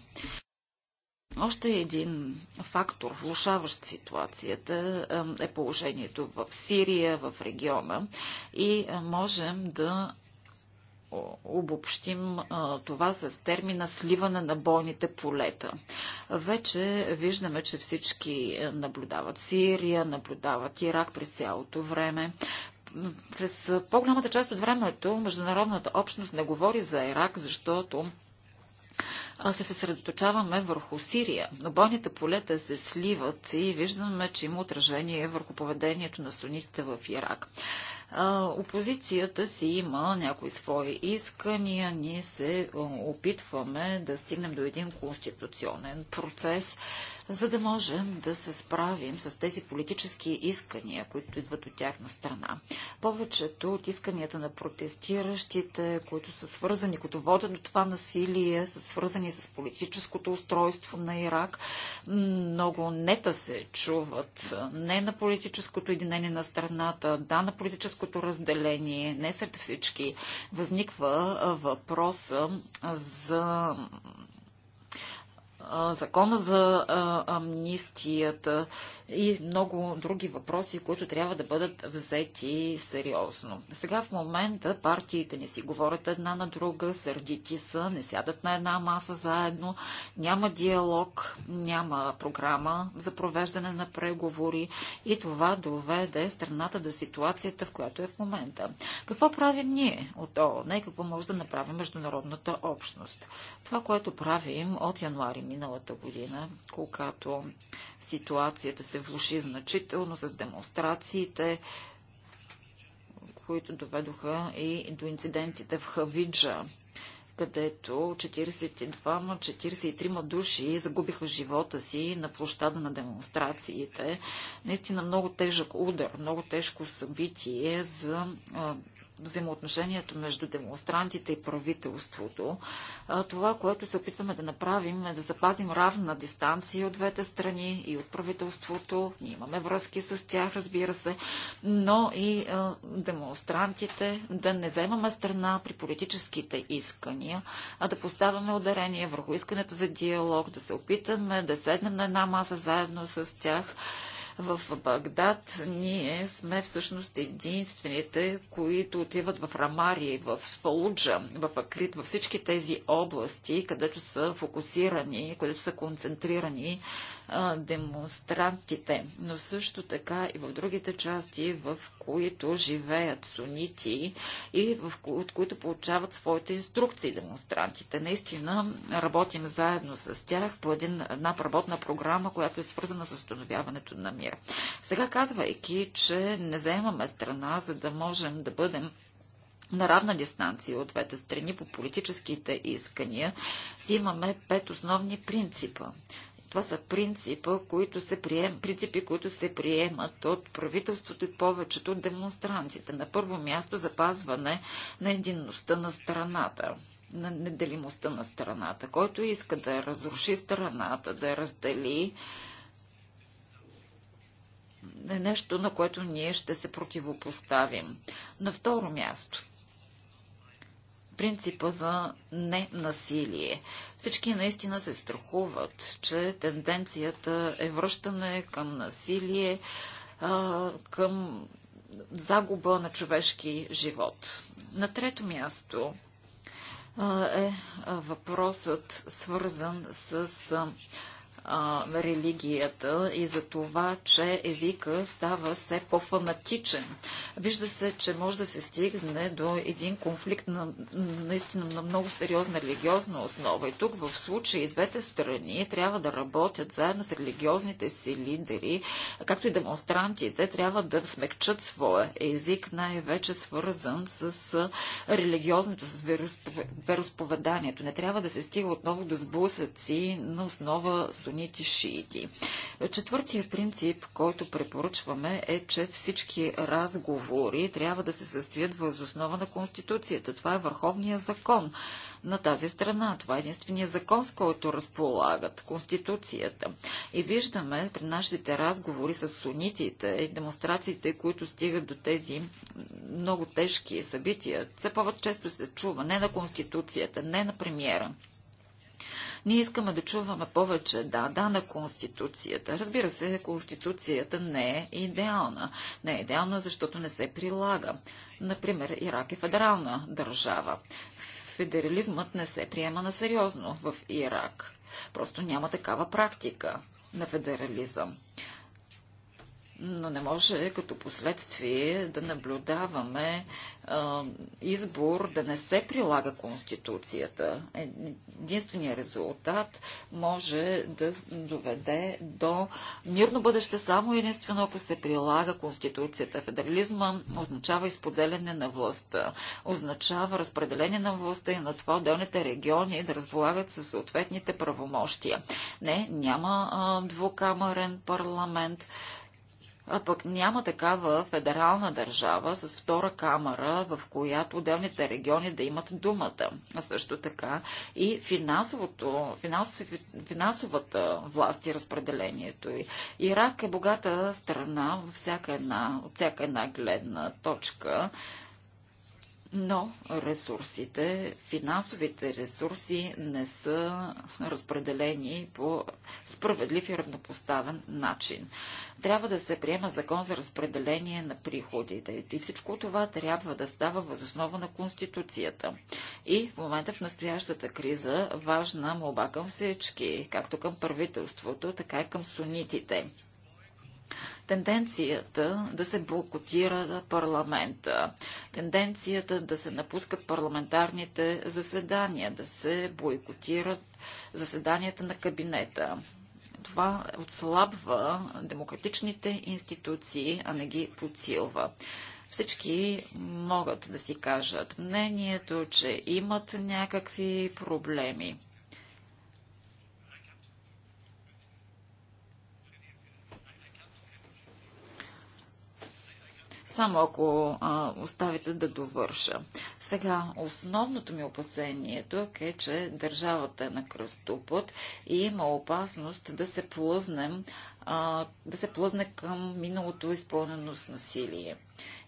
Още един фактор, влушаващ ситуацията, е положението в Сирия, в региона и можем да обобщим това с термина сливане на бойните полета. Вече виждаме, че всички е, наблюдават Сирия, наблюдават Ирак през цялото време през по-голямата част от времето международната общност не говори за Ирак, защото се съсредоточаваме върху Сирия. Но бойните полета се сливат и виждаме, че има отражение върху поведението на страните в Ирак. Опозицията си има някои свои искания. Ние се опитваме да стигнем до един конституционен процес, за да можем да се справим с тези политически искания, които идват от тяхна страна. Повечето от исканията на протестиращите, които са свързани, които водят до това насилие, са свързани с политическото устройство на Ирак. Много нета се чуват не на политическото единение на страната, да, на политическото географското разделение, не сред всички, възниква въпроса за закона за амнистията и много други въпроси, които трябва да бъдат взети сериозно. Сега в момента партиите не си говорят една на друга, сърдити са, не сядат на една маса заедно, няма диалог, няма програма за провеждане на преговори и това доведе страната до ситуацията, в която е в момента. Какво правим ние от ООН и какво може да направи международната общност? Това, което правим от януари миналата година, когато ситуацията се влуши значително с демонстрациите, които доведоха и до инцидентите в Хавиджа, където 42-43 души загубиха живота си на площада на демонстрациите. Наистина много тежък удар, много тежко събитие за а, взаимоотношението между демонстрантите и правителството. Това, което се опитваме да направим е да запазим равна дистанция от двете страни и от правителството. Ние имаме връзки с тях, разбира се, но и демонстрантите да не вземаме страна при политическите искания, а да поставяме ударение върху искането за диалог, да се опитаме да седнем на една маса заедно с тях в Багдад ние сме всъщност единствените, които отиват в Рамари, в Фалуджа, в Акрит, във всички тези области, където са фокусирани, където са концентрирани демонстрантите, но също така и в другите части, в които живеят сунити и в, от които получават своите инструкции демонстрантите. Наистина работим заедно с тях по един, една работна програма, която е свързана с установяването на мир. Сега казвайки, че не заемаме страна, за да можем да бъдем на равна дистанция от двете страни по политическите искания, си имаме пет основни принципа. Това са принципа, които се прием, принципи, които се приемат от правителството и повечето от демонстрантите. На първо място запазване на единността на страната на неделимостта на страната. Който иска да разруши страната, да я раздели, е нещо, на което ние ще се противопоставим. На второ място, принципа за ненасилие. Всички наистина се страхуват, че тенденцията е връщане към насилие, към загуба на човешки живот. На трето място е въпросът свързан с а, религията и за това, че езика става все по-фанатичен. Вижда се, че може да се стигне до един конфликт на, наистина на много сериозна религиозна основа. И тук в случай двете страни трябва да работят заедно с религиозните си лидери, както и демонстрантите, трябва да смекчат своя език, най-вече свързан с религиозното, с вероисповеданието. Не трябва да се стига отново до сблъсъци на основа сунити, шиити. Четвъртия принцип, който препоръчваме е, че всички разговори трябва да се състоят въз основа на Конституцията. Това е върховния закон на тази страна. Това е единствения закон, с който разполагат Конституцията. И виждаме при нашите разговори с сунитите и демонстрациите, които стигат до тези много тежки събития, все повече често се чува не на Конституцията, не на премиера, ние искаме да чуваме повече да, да на Конституцията. Разбира се, Конституцията не е идеална. Не е идеална, защото не се прилага. Например, Ирак е федерална държава. Федерализмът не се приема на сериозно в Ирак. Просто няма такава практика на федерализъм но не може като последствие да наблюдаваме а, избор да не се прилага Конституцията. Е, единственият резултат може да доведе до мирно бъдеще само единствено ако се прилага Конституцията. Федерализма означава изподеляне на властта, означава разпределение на властта и на това отделните региони да разполагат със съответните правомощия. Не, няма а, двукамерен парламент а пък няма такава федерална държава с втора камера, в която отделните региони да имат думата. А също така и финансовото, финансов, финансовата власт и разпределението. Ирак е богата страна във всяка една, от всяка една гледна точка но ресурсите, финансовите ресурси не са разпределени по справедлив и равнопоставен начин. Трябва да се приема закон за разпределение на приходите и всичко това трябва да става възоснова на Конституцията. И в момента в настоящата криза важна молба към всички, както към правителството, така и към сунитите тенденцията да се блокотира парламента, тенденцията да се напускат парламентарните заседания, да се бойкотират заседанията на кабинета. Това отслабва демократичните институции, а не ги подсилва всички могат да си кажат мнението, че имат някакви проблеми. Само ако а, оставите да довърша. Сега, основното ми опасение тук е, че държавата е на кръстопът и има опасност да се плъзнем, а, да се плъзне към миналото изпълнено с насилие.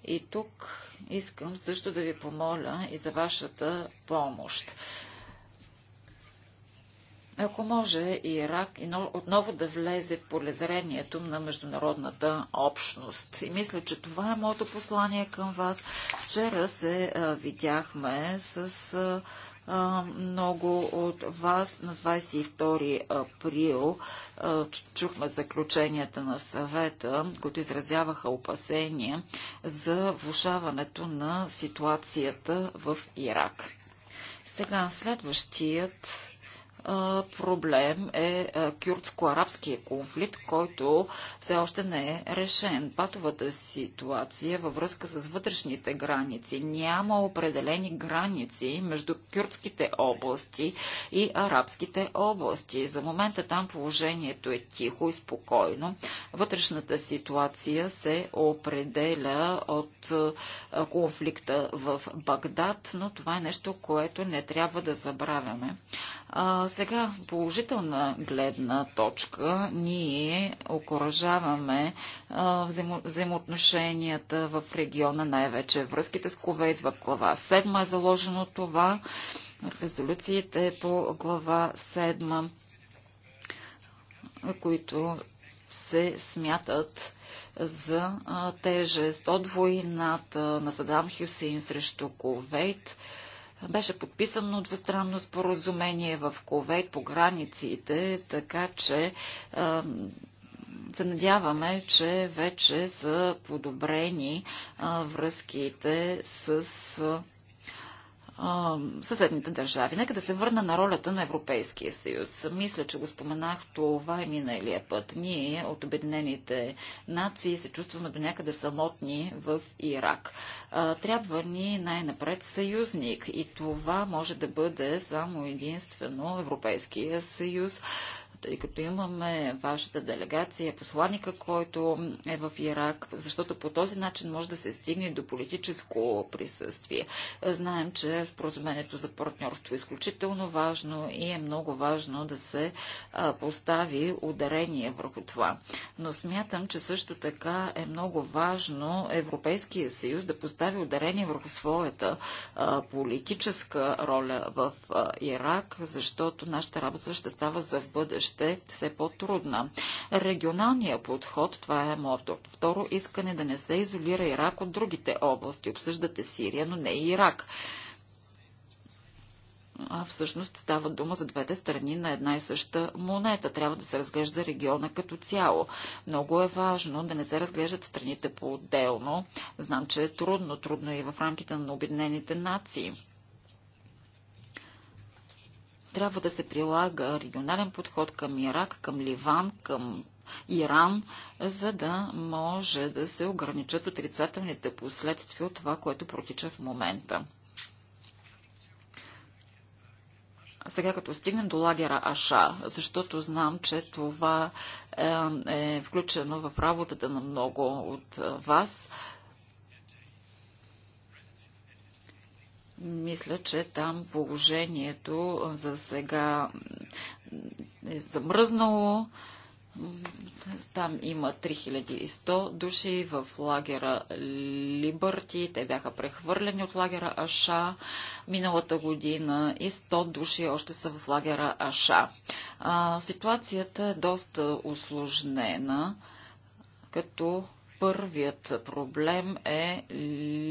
И тук искам също да ви помоля и за вашата помощ. Ако може Ирак отново да влезе в полезрението на международната общност. И мисля, че това е моето послание към вас. Вчера се а, видяхме с а, много от вас. На 22 април чухме заключенията на съвета, които изразяваха опасения за влушаването на ситуацията в Ирак. Сега следващият проблем е кюрдско-арабския конфликт, който все още не е решен. Патовата ситуация във връзка с вътрешните граници. Няма определени граници между кюрдските области и арабските области. За момента там положението е тихо и спокойно. Вътрешната ситуация се определя от конфликта в Багдад, но това е нещо, което не трябва да забравяме сега в положителна гледна точка ние окоръжаваме взаимо, взаимоотношенията в региона, най-вече връзките с Ковейт в глава 7 е заложено това, резолюциите по глава 7, които се смятат за тежест от войната на Садам Хюсейн срещу Ковейт – беше подписано двустранно споразумение в Ковейт по границите, така че се надяваме, че вече са подобрени връзките с съседните държави. Нека да се върна на ролята на Европейския съюз. Мисля, че го споменах това и е миналия път. Ние от Обединените нации се чувстваме до някъде самотни в Ирак. трябва ни най-напред съюзник и това може да бъде само единствено Европейския съюз тъй като имаме вашата делегация, посланника, който е в Ирак, защото по този начин може да се стигне до политическо присъствие. Знаем, че споразумението за партньорство е изключително важно и е много важно да се постави ударение върху това. Но смятам, че също така е много важно Европейския съюз да постави ударение върху своята политическа роля в Ирак, защото нашата работа ще става за в бъдеще бъдеще все по-трудна. Регионалният подход, това е моето второ искане да не се изолира Ирак от другите области. Обсъждате Сирия, но не и Ирак. А всъщност става дума за двете страни на една и съща монета. Трябва да се разглежда региона като цяло. Много е важно да не се разглеждат страните по-отделно. Знам, че е трудно. Трудно е и в рамките на Обединените нации трябва да се прилага регионален подход към Ирак, към Ливан, към Иран, за да може да се ограничат отрицателните последствия от това, което протича в момента. сега като стигнем до лагера Аша, защото знам, че това е, е включено в работата на много от е, вас. Мисля, че там положението за сега е замръзнало. Там има 3100 души в лагера Либърти. Те бяха прехвърлени от лагера Аша миналата година и 100 души още са в лагера Аша. А, ситуацията е доста осложнена, като Първият проблем е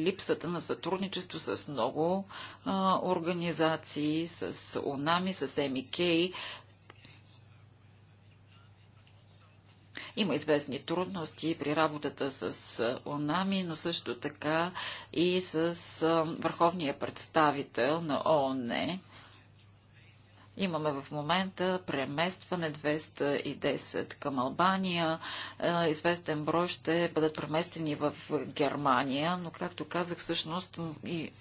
липсата на сътрудничество с много а, организации, с ОНАМИ, с МИК. Има известни трудности при работата с ОНАМИ, но също така и с а, върховния представител на ООН е. Имаме в момента преместване 210 към Албания. Е, известен брой ще бъдат преместени в Германия, но както казах, всъщност и е,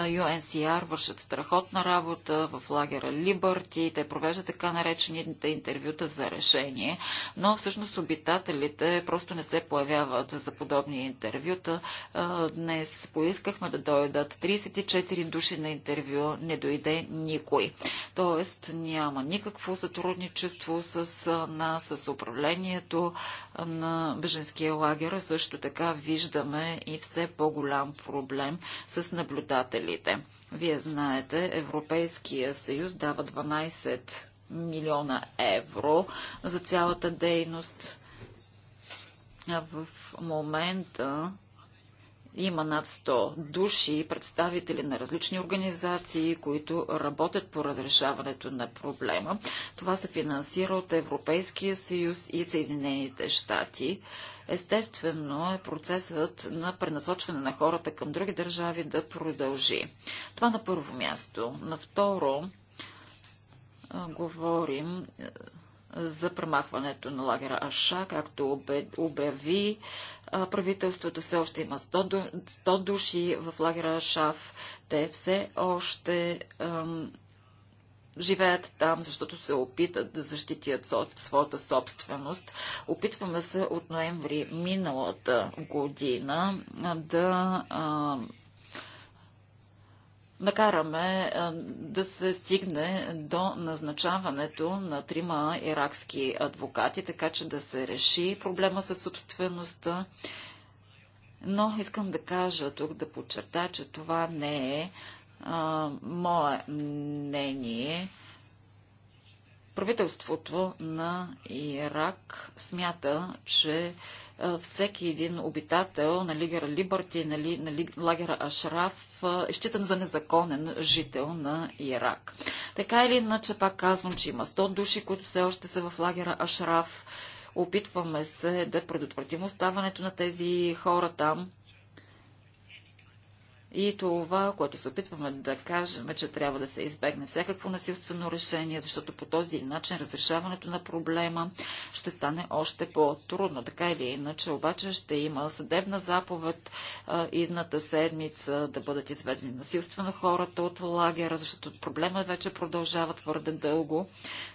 UNCR вършат страхотна работа в лагера Либърти. Те провеждат така наречените интервюта за решение, но всъщност обитателите просто не се появяват за подобни интервюта. Е, днес поискахме да дойдат 34 души на интервю, не дойде никой. Тоест, няма никакво сътрудничество с нас, с управлението на беженския лагер. Също така виждаме и все по-голям проблем с наблюдателите. Вие знаете, Европейския съюз дава 12 милиона евро за цялата дейност. В момента има над 100 души, представители на различни организации, които работят по разрешаването на проблема. Това се финансира от Европейския съюз и Съединените щати. Естествено е процесът на пренасочване на хората към други държави да продължи. Това на първо място. На второ говорим за премахването на лагера Аша, както обяви правителството все още има 100, 100 души в лагера Шаф. Те все още ам, живеят там, защото се опитат да защитят своята собственост. Опитваме се от ноември миналата година да ам, накараме е, да се стигне до назначаването на трима иракски адвокати, така че да се реши проблема със собствеността. Но искам да кажа тук, да подчертая, че това не е а, е, мое мнение. Правителството на Ирак смята, че е, всеки един обитател на лигера Либърти, на, ли, на ли, лагера Ашраф е, е считан за незаконен жител на Ирак. Така или иначе, пак казвам, че има 100 души, които все още са в лагера Ашраф. Опитваме се да предотвратим оставането на тези хора там. И това, което се опитваме да кажем, е, че трябва да се избегне всякакво насилствено решение, защото по този начин разрешаването на проблема ще стане още по-трудно. Така или иначе, обаче ще има съдебна заповед а, идната седмица да бъдат изведени насилствено хората от лагера, защото проблема вече продължава твърде дълго.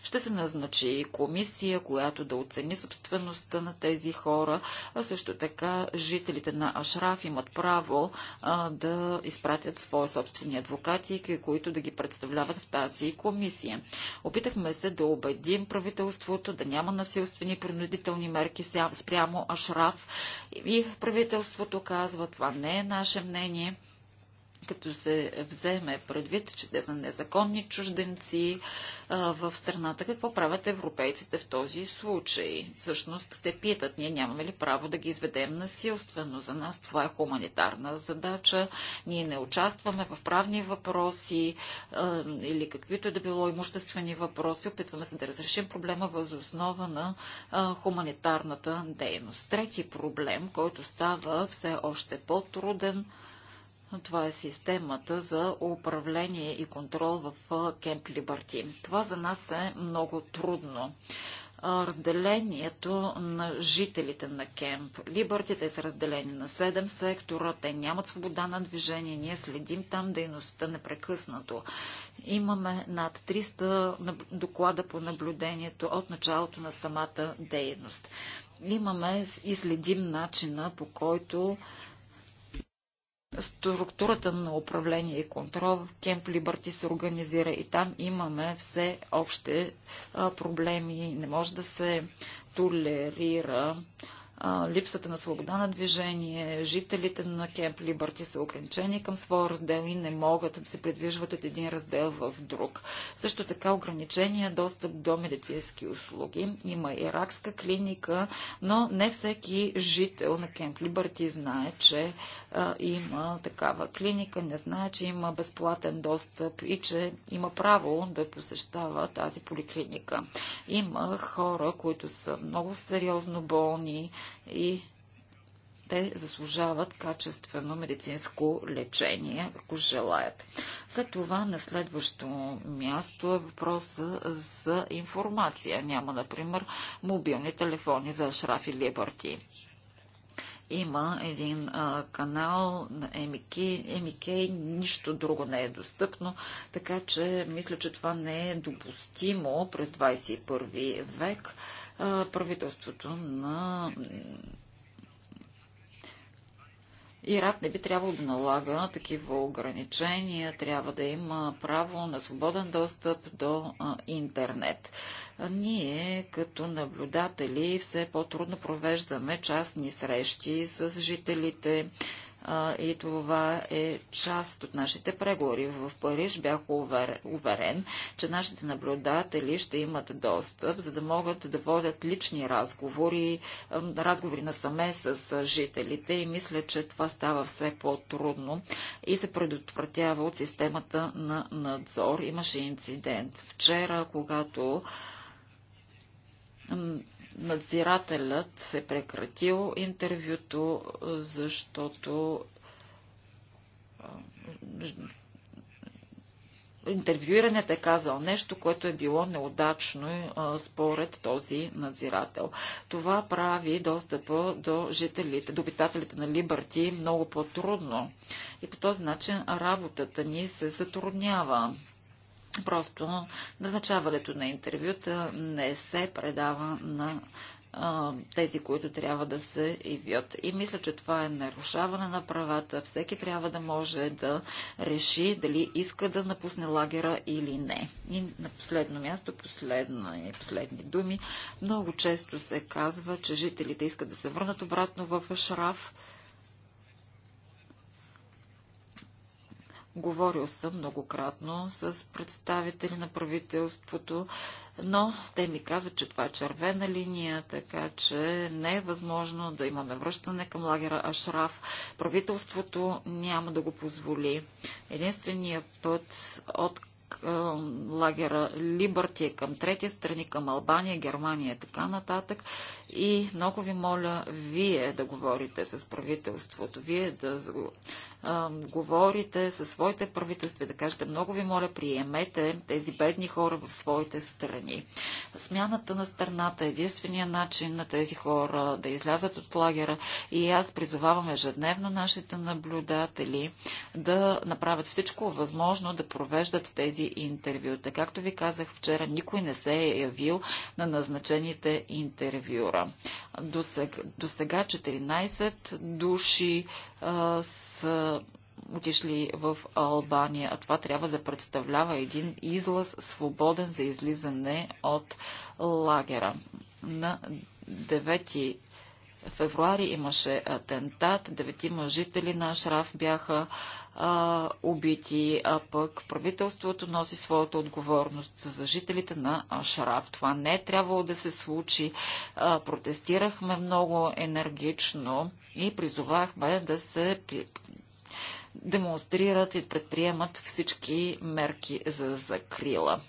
Ще се назначи комисия, която да оцени собствеността на тези хора, а също така жителите на Ашраф имат право а, да изпратят свои собствени адвокати, които да ги представляват в тази комисия. Опитахме се да убедим правителството да няма насилствени принудителни мерки спрямо Ашраф и правителството казва това не е наше мнение като се вземе предвид, че те са незаконни чужденци а, в страната, какво правят европейците в този случай? Всъщност те питат, ние нямаме ли право да ги изведем насилствено. За нас това е хуманитарна задача. Ние не участваме в правни въпроси а, или каквито е да било имуществени въпроси. Опитваме се да разрешим проблема въз основа на а, хуманитарната дейност. Трети проблем, който става все още по-труден, това е системата за управление и контрол в Кемп Либърти. Това за нас е много трудно. Разделението на жителите на Кемп. Либъртите са разделени на 7 сектора, те нямат свобода на движение, ние следим там дейността непрекъснато. Имаме над 300 доклада по наблюдението от началото на самата дейност. Имаме и следим начина по който структурата на управление и контрол в Кемп Либърти се организира и там имаме все общи а, проблеми. Не може да се толерира а, липсата на свобода на движение. Жителите на Кемп Либърти са ограничени към своя раздел и не могат да се придвижват от един раздел в друг. Също така ограничения достъп до медицински услуги. Има иракска клиника, но не всеки жител на Кемп Либърти знае, че има такава клиника, не знае, че има безплатен достъп и че има право да посещава тази поликлиника. Има хора, които са много сериозно болни и те заслужават качествено медицинско лечение, ако желаят. След това на следващо място е въпроса за информация. Няма, например, мобилни телефони за Ашраф или Ебарти. Има един а, канал на МК, МК, нищо друго не е достъпно, така че мисля, че това не е допустимо през 21 век правителството на Ирак не би трябвало да налага такива ограничения, трябва да има право на свободен достъп до интернет. ние, като наблюдатели, все по-трудно провеждаме частни срещи с жителите, и това е част от нашите преговори. В Париж бях уверен, че нашите наблюдатели ще имат достъп, за да могат да водят лични разговори, разговори насаме с жителите и мисля, че това става все по-трудно и се предотвратява от системата на надзор. Имаше инцидент вчера, когато надзирателят е прекратил интервюто, защото интервюирането е казал нещо, което е било неудачно според този надзирател. Това прави достъпа до жителите, до обитателите на Либърти много по-трудно. И по този начин работата ни се затруднява. Просто назначаването на интервюта не се предава на тези, които трябва да се явят. И мисля, че това е нарушаване на правата. Всеки трябва да може да реши дали иска да напусне лагера или не. И на последно място, последна, последни думи. Много често се казва, че жителите искат да се върнат обратно в Ашраф Говорил съм многократно с представители на правителството, но те ми казват, че това е червена линия, така че не е възможно да имаме връщане към лагера Ашраф. Правителството няма да го позволи. Единственият път от лагера Либърти е към трети страни, към Албания, Германия и така нататък. И много ви моля вие да говорите с правителството, вие да а, говорите със своите правителства и да кажете, много ви моля, приемете тези бедни хора в своите страни. Смяната на страната е единствения начин на тези хора да излязат от лагера и аз призовавам ежедневно нашите наблюдатели да направят всичко възможно да провеждат тези интервюта. Както ви казах вчера, никой не се е явил на назначените интервюра. До сега, до сега 14 души а, са отишли в Албания. А това трябва да представлява един излаз, свободен за излизане от лагера. На 9 февруари имаше атентат, деветима жители на Ашраф бяха а, убити, а пък правителството носи своята отговорност за жителите на Ашраф. Това не е трябвало да се случи. А, протестирахме много енергично и призовахме да се демонстрират и предприемат всички мерки за закрила.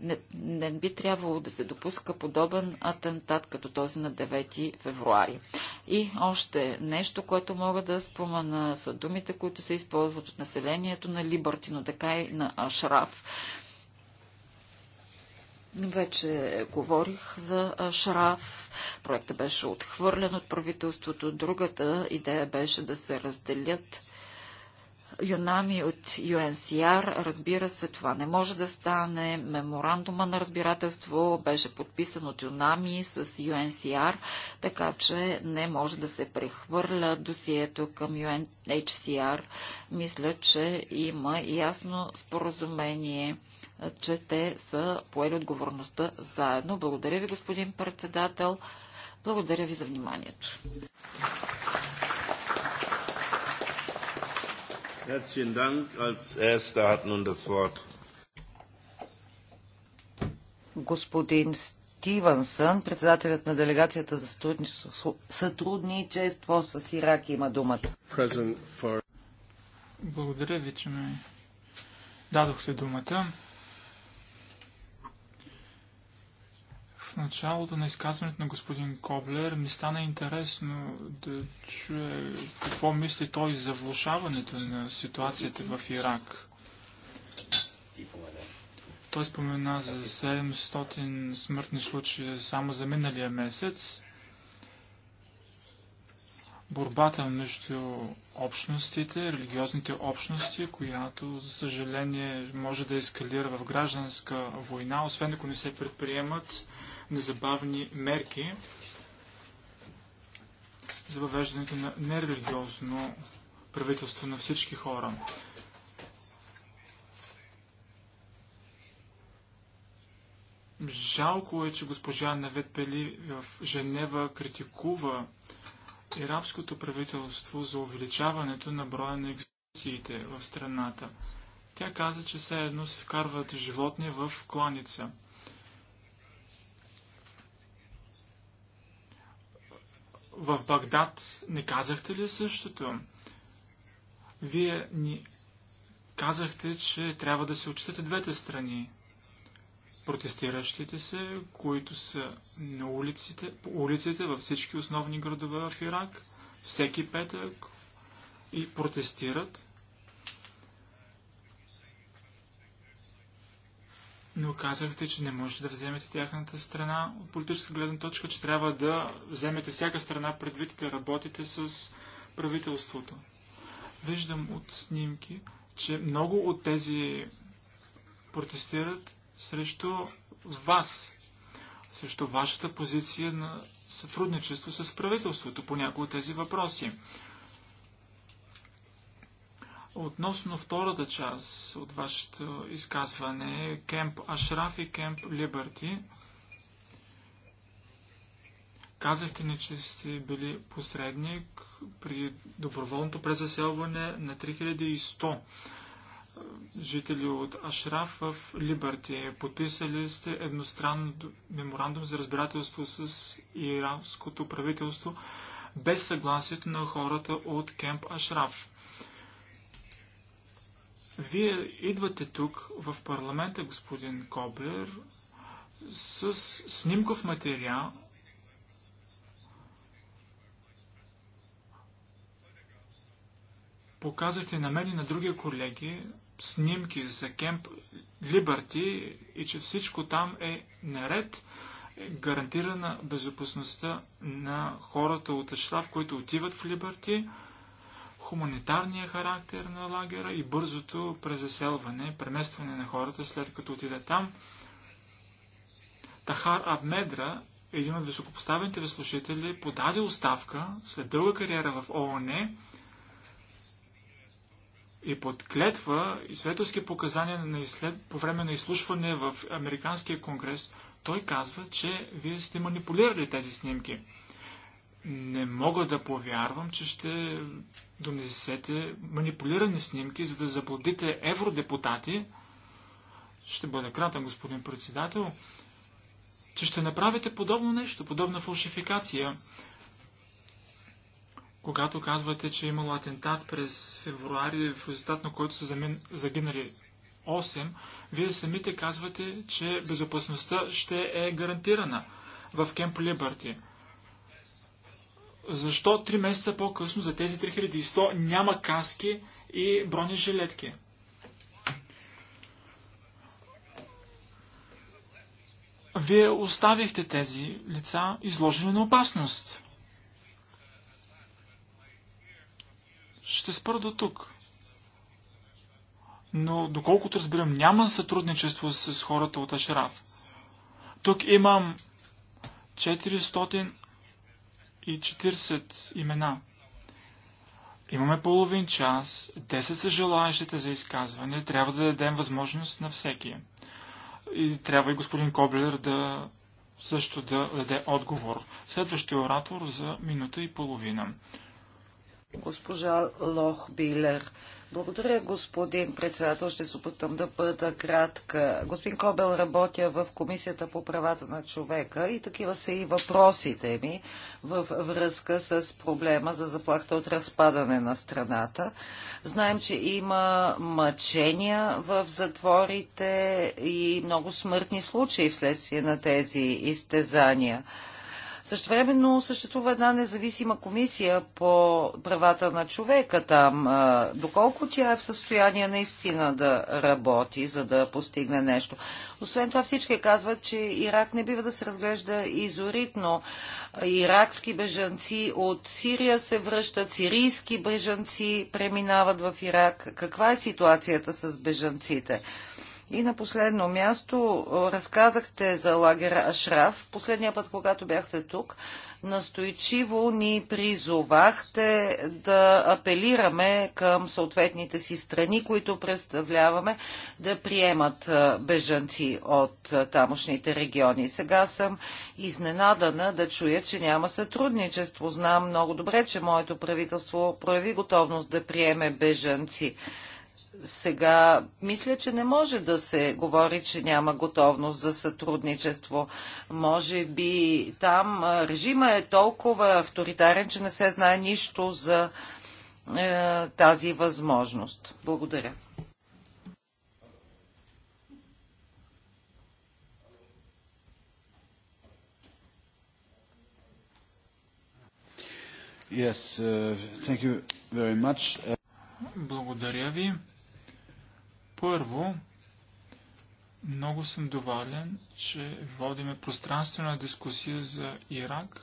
Не, не би трябвало да се допуска подобен атентат като този на 9 февруари. И още нещо, което мога да спомена са думите, които се използват от населението на Либърти, но така и на Ашраф. Вече говорих за Шраф. Проектът беше отхвърлен от правителството. Другата идея беше да се разделят Юнами от UNCR. Разбира се, това не може да стане. Меморандума на разбирателство беше подписан от Юнами с UNCR, така че не може да се прехвърля досието към UNHCR. Мисля, че има ясно споразумение че те са поели отговорността заедно. Благодаря ви, господин председател. Благодаря ви за вниманието. Herzlichen Dank. Als erster hat nun das Wort. Господин Стивенсън, председателят на делегацията за сътрудничество с Ирак, има думата. Благодаря ви, че ме дадохте думата. В началото на изказването на господин Коблер ми стана интересно да чуе какво мисли той за влушаването на ситуацията в Ирак. Той спомена за 700 смъртни случая само за миналия месец. Борбата между общностите, религиозните общности, която, за съжаление, може да ескалира в гражданска война, освен ако не се предприемат незабавни мерки за въвеждането на нерелигиозно правителство на всички хора. Жалко е, че госпожа Навет Пели в Женева критикува ирабското правителство за увеличаването на броя на екзекуциите в страната. Тя каза, че все едно се вкарват животни в кланица. в Багдад не казахте ли същото? Вие ни казахте, че трябва да се отчитате двете страни. Протестиращите се, които са на улиците, по улиците във всички основни градове в Ирак, всеки петък и протестират. Но казахте, че не можете да вземете тяхната страна от политическа гледна точка, че трябва да вземете всяка страна предвид да работите с правителството. Виждам от снимки, че много от тези протестират срещу вас, срещу вашата позиция на сътрудничество с правителството по някои от тези въпроси. Относно втората част от вашето изказване, Кемп Ашраф и Кемп Либерти, казахте ни, че сте били посредник при доброволното презаселване на 3100 жители от Ашраф в Либерти. Подписали сте едностранно меморандум за разбирателство с иранското правителство без съгласието на хората от Кемп Ашраф. Вие идвате тук в парламента, господин Коблер, с снимков материал, показахте на мен и на други колеги снимки за кемп Либърти и че всичко там е наред, е гарантирана безопасността на хората от Ашлав, които отиват в Либърти хуманитарния характер на лагера и бързото презаселване, преместване на хората след като отиде там. Тахар Абмедра, един от високопоставените възслушители, подаде оставка след дълга кариера в ООН и под клетва и световски показания на изслед... по време на изслушване в Американския конгрес, той казва, че вие сте манипулирали тези снимки. Не мога да повярвам, че ще донесете манипулирани снимки, за да заблудите евродепутати. Ще бъде кратен, господин председател че ще направите подобно нещо, подобна фалшификация. Когато казвате, че е имало атентат през февруари, в резултат на който са загинали 8, вие самите казвате, че безопасността ще е гарантирана в Кемп Либърти защо 3 месеца по-късно за тези 3100 няма каски и бронежилетки? Вие оставихте тези лица изложени на опасност. Ще спра до тук. Но, доколкото разбирам, няма сътрудничество с хората от Ашраф. Тук имам 400 40 имена. Имаме половин час, 10 са желаящите за изказване, трябва да дадем възможност на всеки. И трябва и господин Коблер да също да даде отговор. Следващия оратор за минута и половина. Госпожа Лох Билер, благодаря, господин председател. Ще се опитам да бъда кратка. Господин Кобел работя в Комисията по правата на човека и такива са и въпросите ми в връзка с проблема за заплахта от разпадане на страната. Знаем, че има мъчения в затворите и много смъртни случаи вследствие на тези изтезания. Също времено съществува една независима комисия по правата на човека там. Доколко тя е в състояние наистина да работи, за да постигне нещо. Освен това всички казват, че Ирак не бива да се разглежда изоритно. Иракски бежанци от Сирия се връщат, сирийски бежанци преминават в Ирак. Каква е ситуацията с бежанците? И на последно място разказахте за лагера Ашраф. Последния път, когато бяхте тук, настойчиво ни призовахте да апелираме към съответните си страни, които представляваме, да приемат е, бежанци от е, тамошните региони. Сега съм изненадана да чуя, че няма сътрудничество. Знам много добре, че моето правителство прояви готовност да приеме бежанци сега, мисля, че не може да се говори, че няма готовност за сътрудничество. Може би там режима е толкова авторитарен, че не се знае нищо за е, тази възможност. Благодаря. Yes, uh, thank you very much. Благодаря ви. Първо, много съм доволен, че водиме пространствена дискусия за Ирак,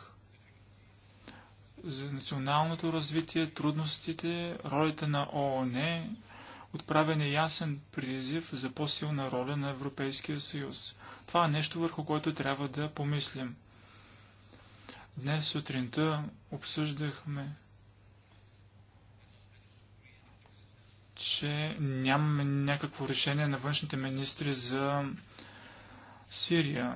за националното развитие, трудностите, ролята на ООН, отправен е ясен призив за по-силна роля на Европейския съюз. Това е нещо, върху което трябва да помислим. Днес сутринта обсъждахме че нямаме някакво решение на външните министри за Сирия.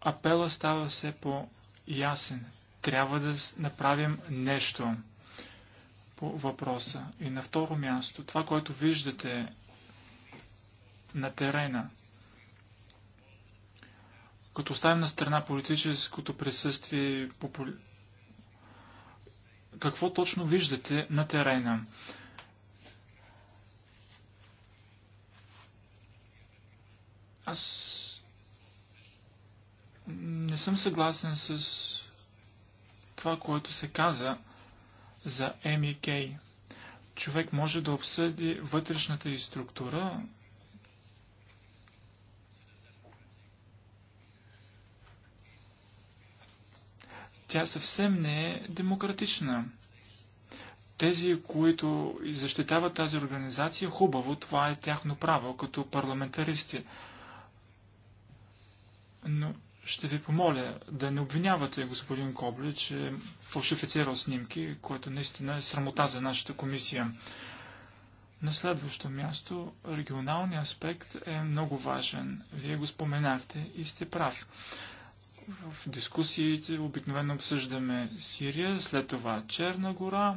Апела става все по-ясен. Трябва да направим нещо по въпроса. И на второ място, това, което виждате на терена, като оставим на страна политическото присъствие, попули... какво точно виждате на терена? Аз не съм съгласен с това, което се каза за МИК. Човек може да обсъди вътрешната и структура, тя съвсем не е демократична. Тези, които защитават тази организация, хубаво, това е тяхно право като парламентаристи но ще ви помоля да не обвинявате господин Кобле, че фалшифицирал снимки, което наистина е срамота за нашата комисия. На следващо място, регионалният аспект е много важен. Вие го споменахте и сте прав. В дискусиите обикновено обсъждаме Сирия, след това Черна гора,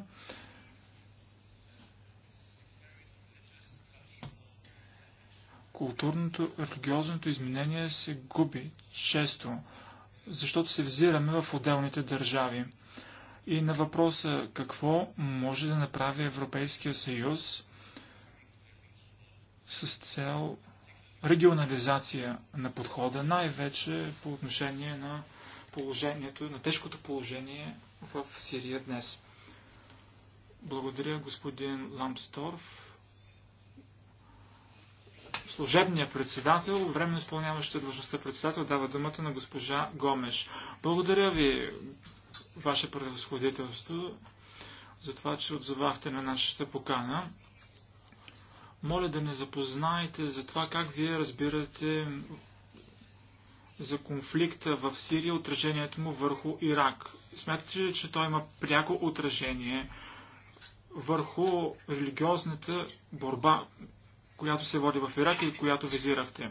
Културното, религиозното изменение се губи често, защото се взираме в отделните държави. И на въпроса какво може да направи Европейския съюз с цел регионализация на подхода, най-вече по отношение на положението, на тежкото положение в Сирия днес. Благодаря господин Ламсторф служебния председател, временно изпълняваща длъжността председател, дава думата на госпожа Гомеш. Благодаря ви, ваше превъзходителство, за това, че отзовахте на нашата покана. Моля да не запознаете за това как вие разбирате за конфликта в Сирия, отражението му върху Ирак. Смятате ли, че той има пряко отражение върху религиозната борба, която се води в Ирак и която визирахте.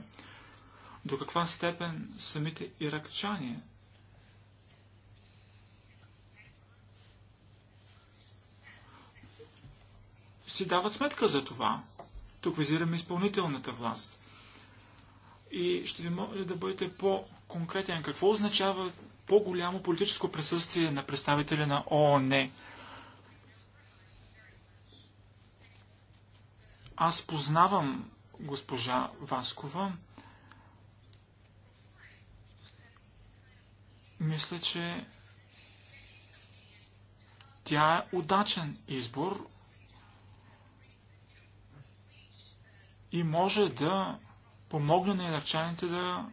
До каква степен самите иракчани си дават сметка за това. Тук визираме изпълнителната власт. И ще ви моля да бъдете по-конкретен. Какво означава по-голямо политическо присъствие на представители на ООН Аз познавам госпожа Васкова. Мисля, че тя е удачен избор и може да помогне на иракчаните да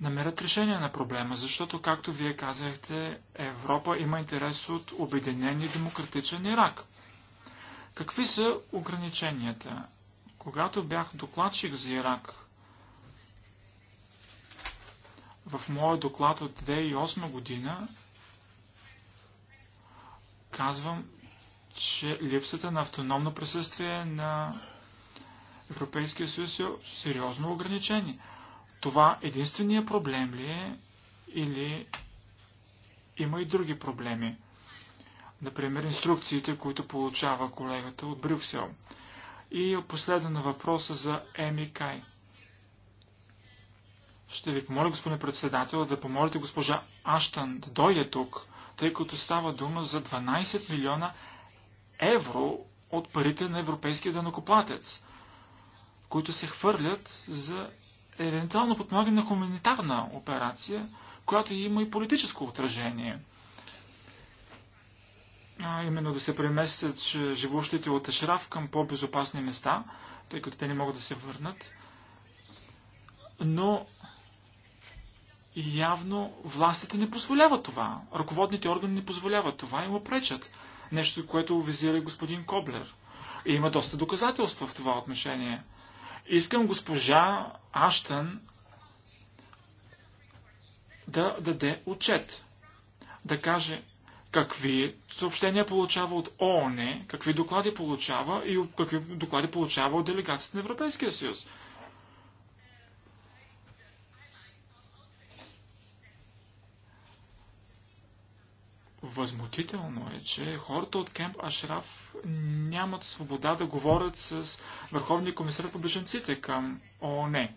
намерят решение на проблема, защото, както вие казахте, Европа има интерес от обединен и демократичен Ирак. Какви са ограниченията? Когато бях докладчик за Ирак, в моя доклад от 2008 година казвам, че липсата на автономно присъствие на Европейския съюз е сериозно ограничение. Това единствения проблем ли е или има и други проблеми? Например, инструкциите, които получава колегата от Брюксел. И последно на въпроса за Емикай. Ще ви помоля, господин председател, да помолите госпожа Аштан да дойде тук, тъй като става дума за 12 милиона евро от парите на европейския данокоплатец, които се хвърлят за евентуално подпомагане на хуманитарна операция, която има и политическо отражение – а именно да се преместят живущите от Ашраф към по-безопасни места, тъй като те не могат да се върнат. Но явно властите не позволяват това. Ръководните органи не позволяват това и му пречат. Нещо, което визира господин Коблер. И има доста доказателства в това отношение. Искам госпожа Аштън да даде отчет. Да каже какви съобщения получава от ООН, какви доклади получава и какви доклади получава от делегацията на Европейския съюз. Възмутително е, че хората от Кемп Ашраф нямат свобода да говорят с Върховния комисар по беженците към ООН.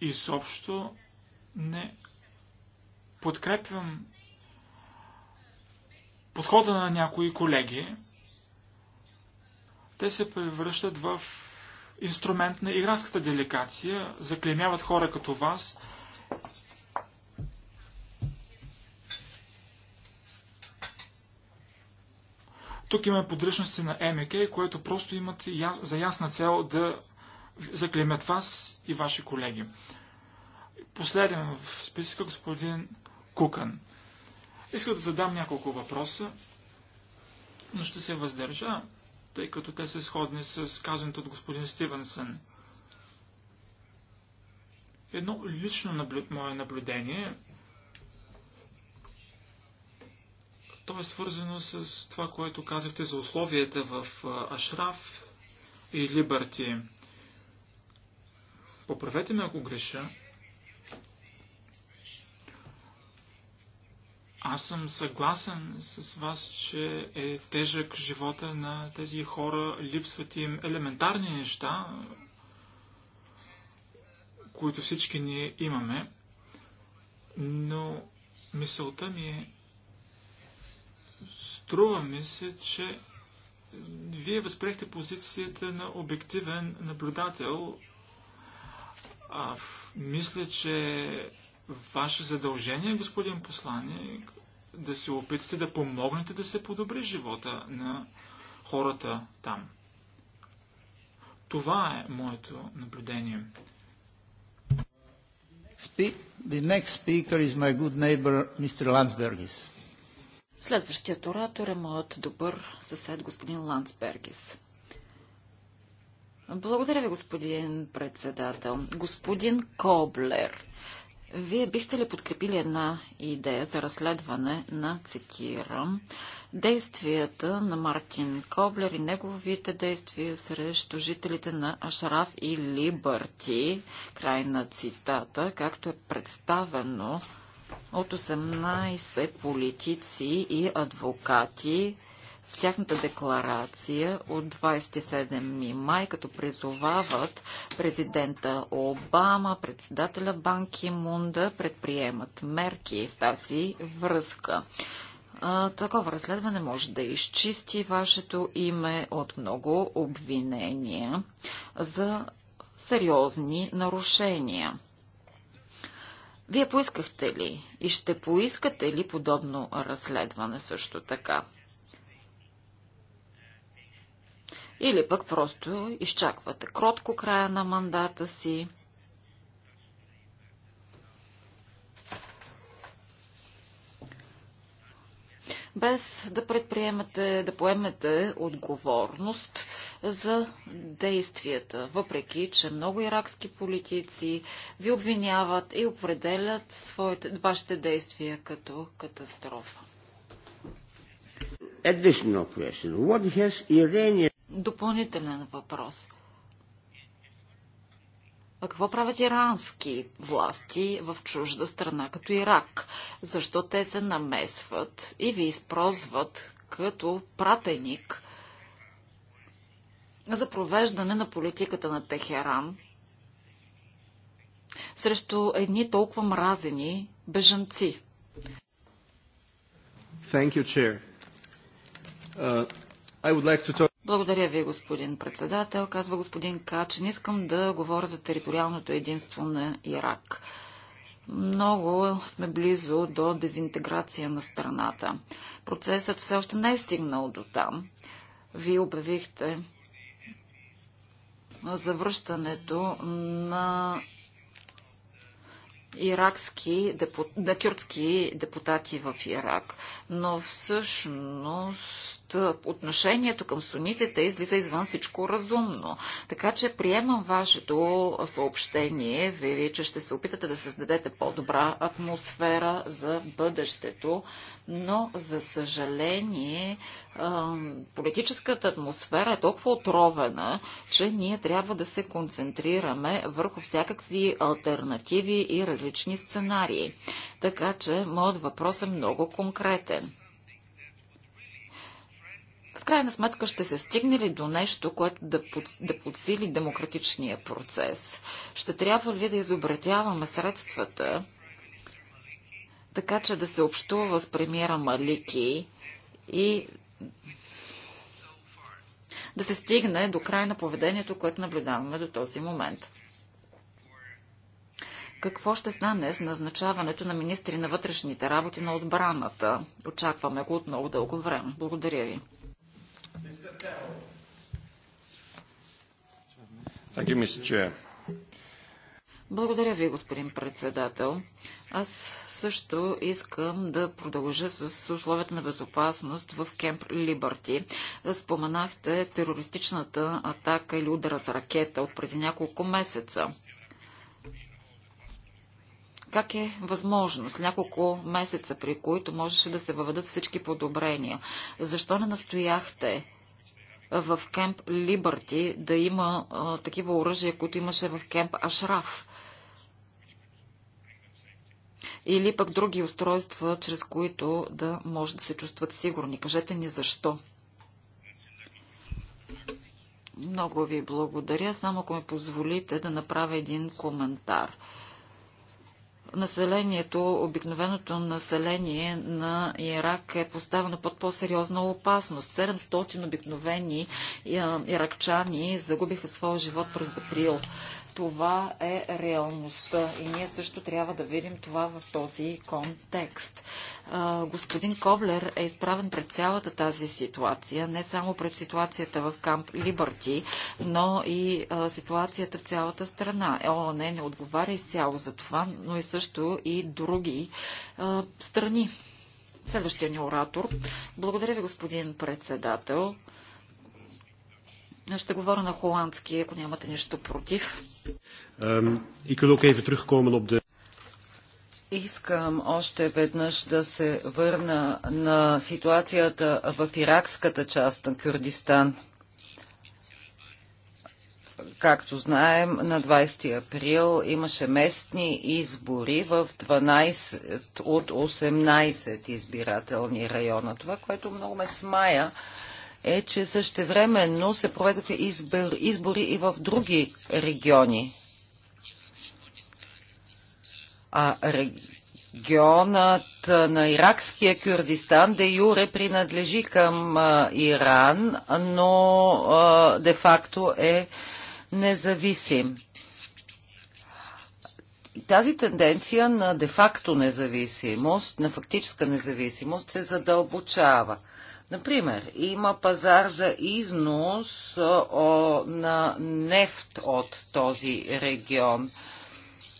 Изобщо не подкрепям подхода на някои колеги. Те се превръщат в инструмент на иранската делегация, заклемяват хора като вас. Тук има подръчности на МК, което просто имат за ясна цел да заклемят вас и ваши колеги. Последен в списъка господин Кукан. Искам да задам няколко въпроса, но ще се въздържа, тъй като те са сходни с казаното от господин Стивенсън. Едно лично наблю... мое наблюдение, то е свързано с това, което казахте за условията в Ашраф и Либърти. Поправете ме, ако греша, Аз съм съгласен с вас, че е тежък живота на тези хора, липсват им елементарни неща, които всички ние имаме, но мисълта ми е, струва ми се, че вие възпрехте позицията на обективен наблюдател. А, мисля, че ваше задължение, господин посланник, да се опитате да помогнете да се подобри живота на хората там. Това е моето наблюдение. Neighbor, Следващият оратор е моят добър съсед, господин Ландсбергис. Благодаря ви, господин председател. Господин Коблер, вие бихте ли подкрепили една идея за разследване на, цитирам, действията на Мартин Коблер и неговите действия срещу жителите на Ашраф и Либърти, край на цитата, както е представено от 18 политици и адвокати, в тяхната декларация от 27 май, като призовават президента Обама, председателя Банки Мун да предприемат мерки в тази връзка. такова разследване може да изчисти вашето име от много обвинения за сериозни нарушения. Вие поискахте ли и ще поискате ли подобно разследване също така? или пък просто изчаквате кротко края на мандата си. без да предприемете, да поемете отговорност за действията, въпреки че много иракски политици ви обвиняват и определят своите, вашите действия като катастрофа. Additional question. What has Iranian допълнителен въпрос. А какво правят ирански власти в чужда страна, като Ирак? Защо те се намесват и ви изпрозват като пратеник за провеждане на политиката на Техеран срещу едни толкова мразени бежанци? Thank you, Chair. Uh, I would like to talk... Благодаря ви, господин председател. Казва господин Качен. Искам да говоря за териториалното единство на Ирак. Много сме близо до дезинтеграция на страната. Процесът все още не е стигнал до там. Вие обявихте завръщането на иракски, депут... на кюртски депутати в Ирак. Но всъщност отношението към сунитите излиза извън всичко разумно. Така че приемам вашето съобщение, ви, че ще се опитате да създадете по-добра атмосфера за бъдещето, но за съжаление политическата атмосфера е толкова отровена, че ние трябва да се концентрираме върху всякакви альтернативи и различни сценарии. Така че моят въпрос е много конкретен крайна сметка ще се стигне ли до нещо, което да, под, да подсили демократичния процес? Ще трябва ли да изобретяваме средствата, така че да се общува с премиера Малики и да се стигне до край на поведението, което наблюдаваме до този момент? какво ще стане с назначаването на министри на вътрешните работи на отбраната. Очакваме го от много дълго време. Благодаря ви. Благодаря ви, господин председател. Аз също искам да продължа с условията на безопасност в Кемп Либърти. Споменахте терористичната атака или удара с ракета от преди няколко месеца как е възможност, няколко месеца, при които можеше да се въведат всички подобрения? Защо не настояхте в Кемп Либърти да има а, такива оръжия, които имаше в Кемп Ашраф. Или пък други устройства, чрез които да може да се чувстват сигурни. Кажете ни защо. Много ви благодаря. Само ако ми позволите да направя един коментар населението, обикновеното население на Ирак е поставено под по-сериозна опасност. 700 обикновени е, иракчани загубиха своя живот през април. Това е реалността и ние също трябва да видим това в този контекст. А, господин Коблер е изправен пред цялата тази ситуация, не само пред ситуацията в камп Либърти, но и а, ситуацията в цялата страна. ООН не, отговаря изцяло за това, но и също и други а, страни. Следващия ни оратор. Благодаря ви, господин председател. Ще говоря на холандски, ако нямате нищо против. Ehm, Искам още веднъж да се върна на ситуацията в иракската част на Кюрдистан. Както знаем, на 20 април имаше местни избори в 12 от 18 избирателни района. Това, което много ме смая, е, че същевременно се проведоха избор, избори и в други региони. А регионът на иракския Кюрдистан де юре принадлежи към Иран, но де-факто е независим тази тенденция на де-факто независимост, на фактическа независимост се задълбочава. Например, има пазар за износ на нефт от този регион.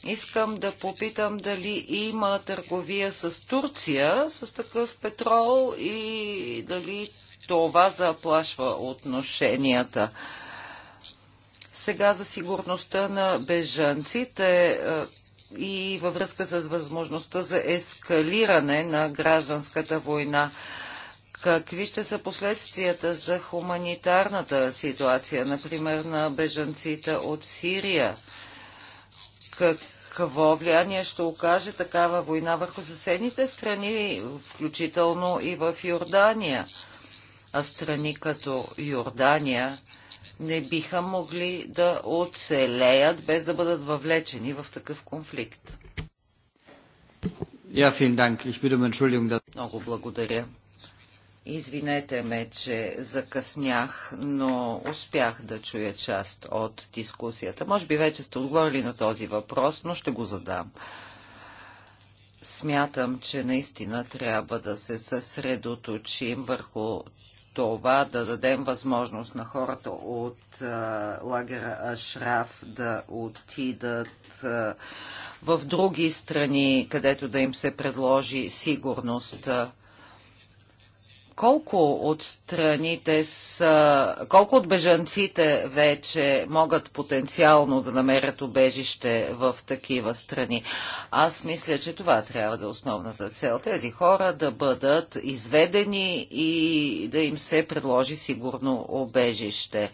Искам да попитам дали има търговия с Турция с такъв петрол и дали това заплашва отношенията. Сега за сигурността на бежанците и във връзка с възможността за ескалиране на гражданската война. Какви ще са последствията за хуманитарната ситуация, например на бежанците от Сирия? Какво влияние ще окаже такава война върху съседните страни, включително и в Йордания? А страни като Йордания не биха могли да оцелеят без да бъдат въвлечени в такъв конфликт. Um Много благодаря. Извинете ме, че закъснях, но успях да чуя част от дискусията. Може би вече сте отговорили на този въпрос, но ще го задам. Смятам, че наистина трябва да се съсредоточим върху това да дадем възможност на хората от а, лагера Ашраф да отидат а, в други страни, където да им се предложи сигурност. А, колко от страните са, колко от бежанците вече могат потенциално да намерят убежище в такива страни? Аз мисля, че това трябва да е основната цел. Тези хора да бъдат изведени и да им се предложи сигурно убежище.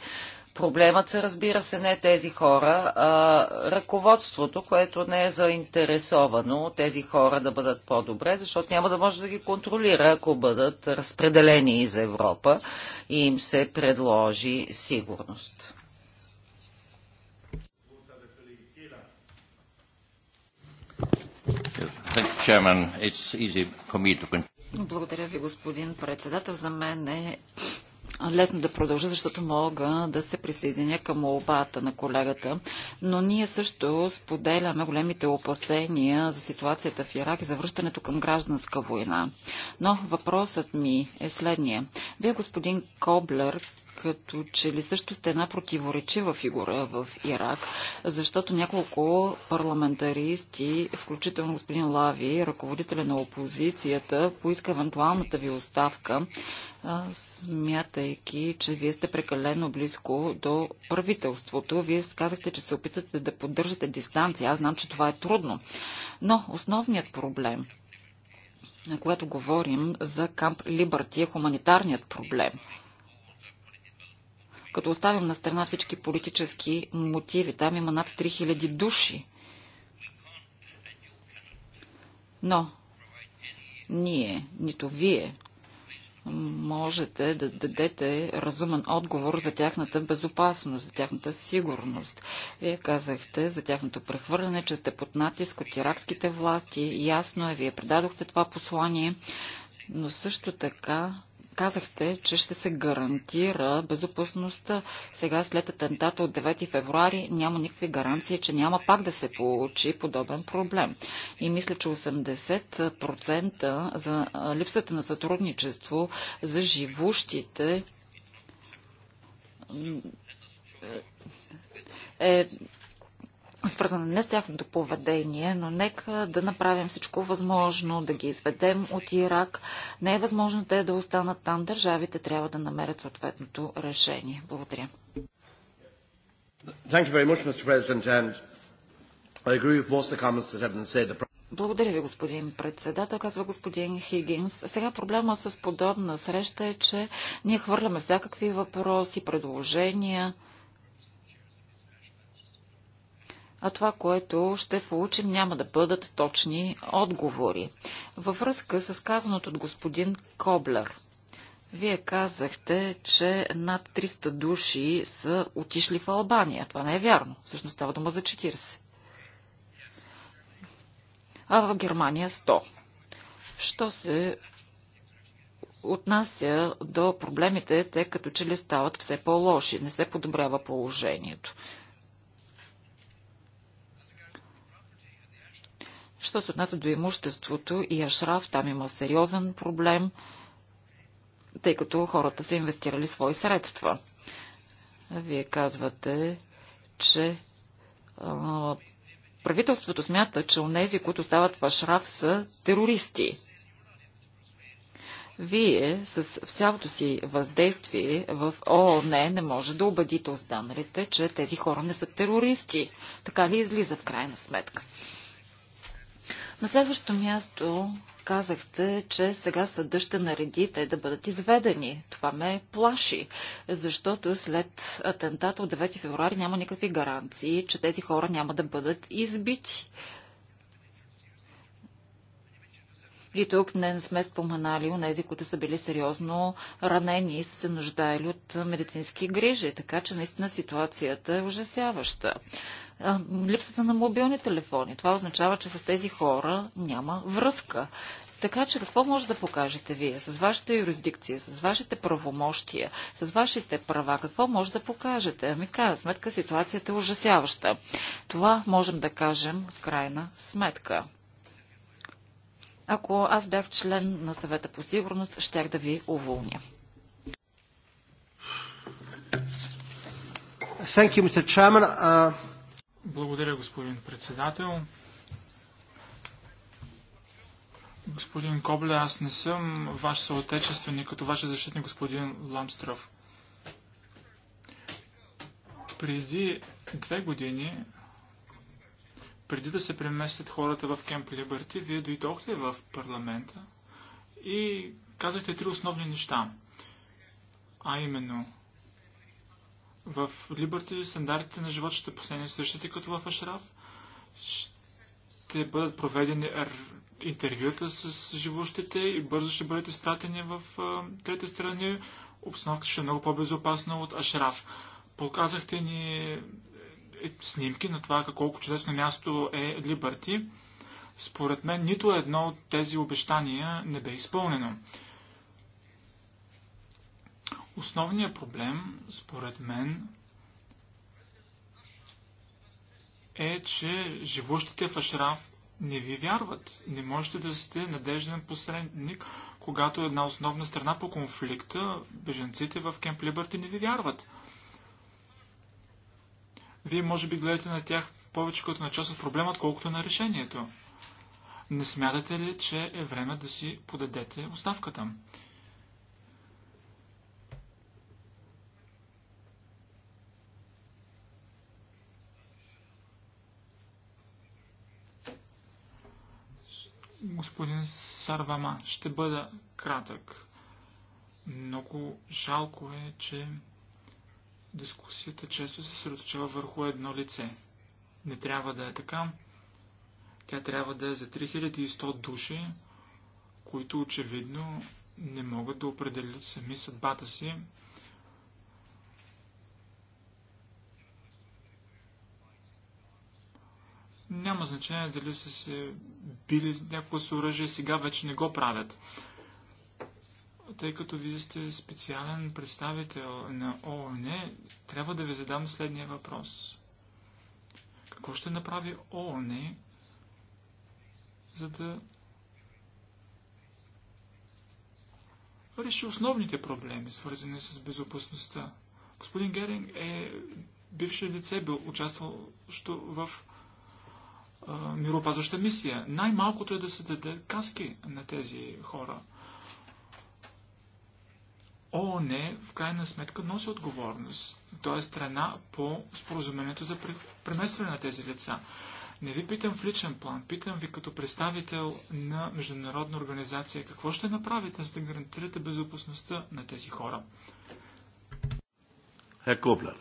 Проблемът се разбира се не тези хора, а ръководството, което не е заинтересовано тези хора да бъдат по-добре, защото няма да може да ги контролира, ако бъдат разпределени из Европа и им се предложи сигурност. Благодаря ви, господин председател. За мен е лесно да продължа, защото мога да се присъединя към молбата на колегата. Но ние също споделяме големите опасения за ситуацията в Ирак и за връщането към гражданска война. Но въпросът ми е следния. Вие, господин Коблер, като че ли също сте една противоречива фигура в Ирак, защото няколко парламентаристи, включително господин Лави, ръководителя на опозицията, поиска евентуалната ви оставка, смятайки, че вие сте прекалено близко до правителството. Вие казахте, че се опитате да поддържате дистанция. Аз знам, че това е трудно. Но основният проблем когато говорим за камп Либърти, е хуманитарният проблем – като оставим на страна всички политически мотиви. Там има над 3000 души. Но ние, нито вие, можете да дадете разумен отговор за тяхната безопасност, за тяхната сигурност. Вие казахте за тяхното прехвърляне, че сте под натиск от иракските власти. Ясно е, вие предадохте това послание, но също така казахте, че ще се гарантира безопасността. Сега след атентата от 9 февруари няма никакви гаранции, че няма пак да се получи подобен проблем. И мисля, че 80% за липсата на сътрудничество за живущите е, е свързана не с тяхното поведение, но нека да направим всичко възможно, да ги изведем от Ирак. Не е възможно те да останат там. Държавите трябва да намерят съответното решение. Благодаря. Благодаря ви, господин председател, казва господин Хигинс. Сега проблема с подобна среща е, че ние хвърляме всякакви въпроси, предложения. а това, което ще получим, няма да бъдат точни отговори. Във връзка с казаното от господин Коблер, вие казахте, че над 300 души са отишли в Албания. Това не е вярно. Всъщност става дума за 40. А в Германия 100. Що се отнася до проблемите, те като че ли стават все по-лоши, не се подобрява положението. Що се отнася до имуществото и Ашраф, там има сериозен проблем, тъй като хората са инвестирали свои средства. Вие казвате, че а, правителството смята, че онези, които стават в Ашраф, са терористи. Вие с всялото си въздействие в ООН не може да убедите останалите, че тези хора не са терористи. Така ли излиза в крайна сметка? На следващото място казахте, че сега съда ще нареди те да бъдат изведени. Това ме плаши, защото след атентата от 9 февруари няма никакви гаранции, че тези хора няма да бъдат избити. И тук не сме споменали у нези, които са били сериозно ранени и се нуждаели от медицински грижи. Така че наистина ситуацията е ужасяваща липсата на мобилни телефони. Това означава, че с тези хора няма връзка. Така че какво може да покажете вие с вашата юрисдикция, с вашите правомощия, с вашите права? Какво може да покажете? Ами, крайна сметка, ситуацията е ужасяваща. Това можем да кажем в крайна сметка. Ако аз бях член на съвета по сигурност, щях да ви уволня. Thank you, Mr. Chairman. Uh... Благодаря, господин председател. Господин Кобле, аз не съм ваш съотечественик, като ваш защитник, господин Ламстров. Преди две години, преди да се преместят хората в Кемп Либерти, вие дойдохте в парламента и казахте три основни неща. А именно, в Либърти стандартите на живот ще последни същите като в Ашраф. Ще бъдат проведени интервюта с живущите и бързо ще бъдат изпратени в трети страни. Обстановката ще е много по-безопасна от Ашраф. Показахте ни е, е, снимки на това колко чудесно място е Либърти. Според мен нито едно от тези обещания не бе изпълнено. Основният проблем, според мен, е, че живущите в Ашраф не ви вярват. Не можете да сте надежден посредник, когато една основна страна по конфликта, беженците в Кемп Либърти не ви вярват. Вие може би гледате на тях повече като на част от проблема, отколкото на решението. Не смятате ли, че е време да си подадете оставката? господин Сарвама. Ще бъда кратък. Много жалко е, че дискусията често се средоточава върху едно лице. Не трябва да е така. Тя трябва да е за 3100 души, които очевидно не могат да определят сами съдбата си Няма значение дали са се били някакво с оръжие, сега вече не го правят. Тъй като вие сте специален представител на ООН, трябва да ви задам следния въпрос. Какво ще направи ООН, за да реши основните проблеми, свързани с безопасността? Господин Геринг е бивше лице, бил участвал в Миропазваща мисия. Най-малкото е да се даде каски на тези хора. ООН е, в крайна сметка носи отговорност. Той е страна по споразумението за преместване на тези лица. Не ви питам в личен план, питам ви като представител на международна организация какво ще направите, за да гарантирате безопасността на тези хора. Коблер.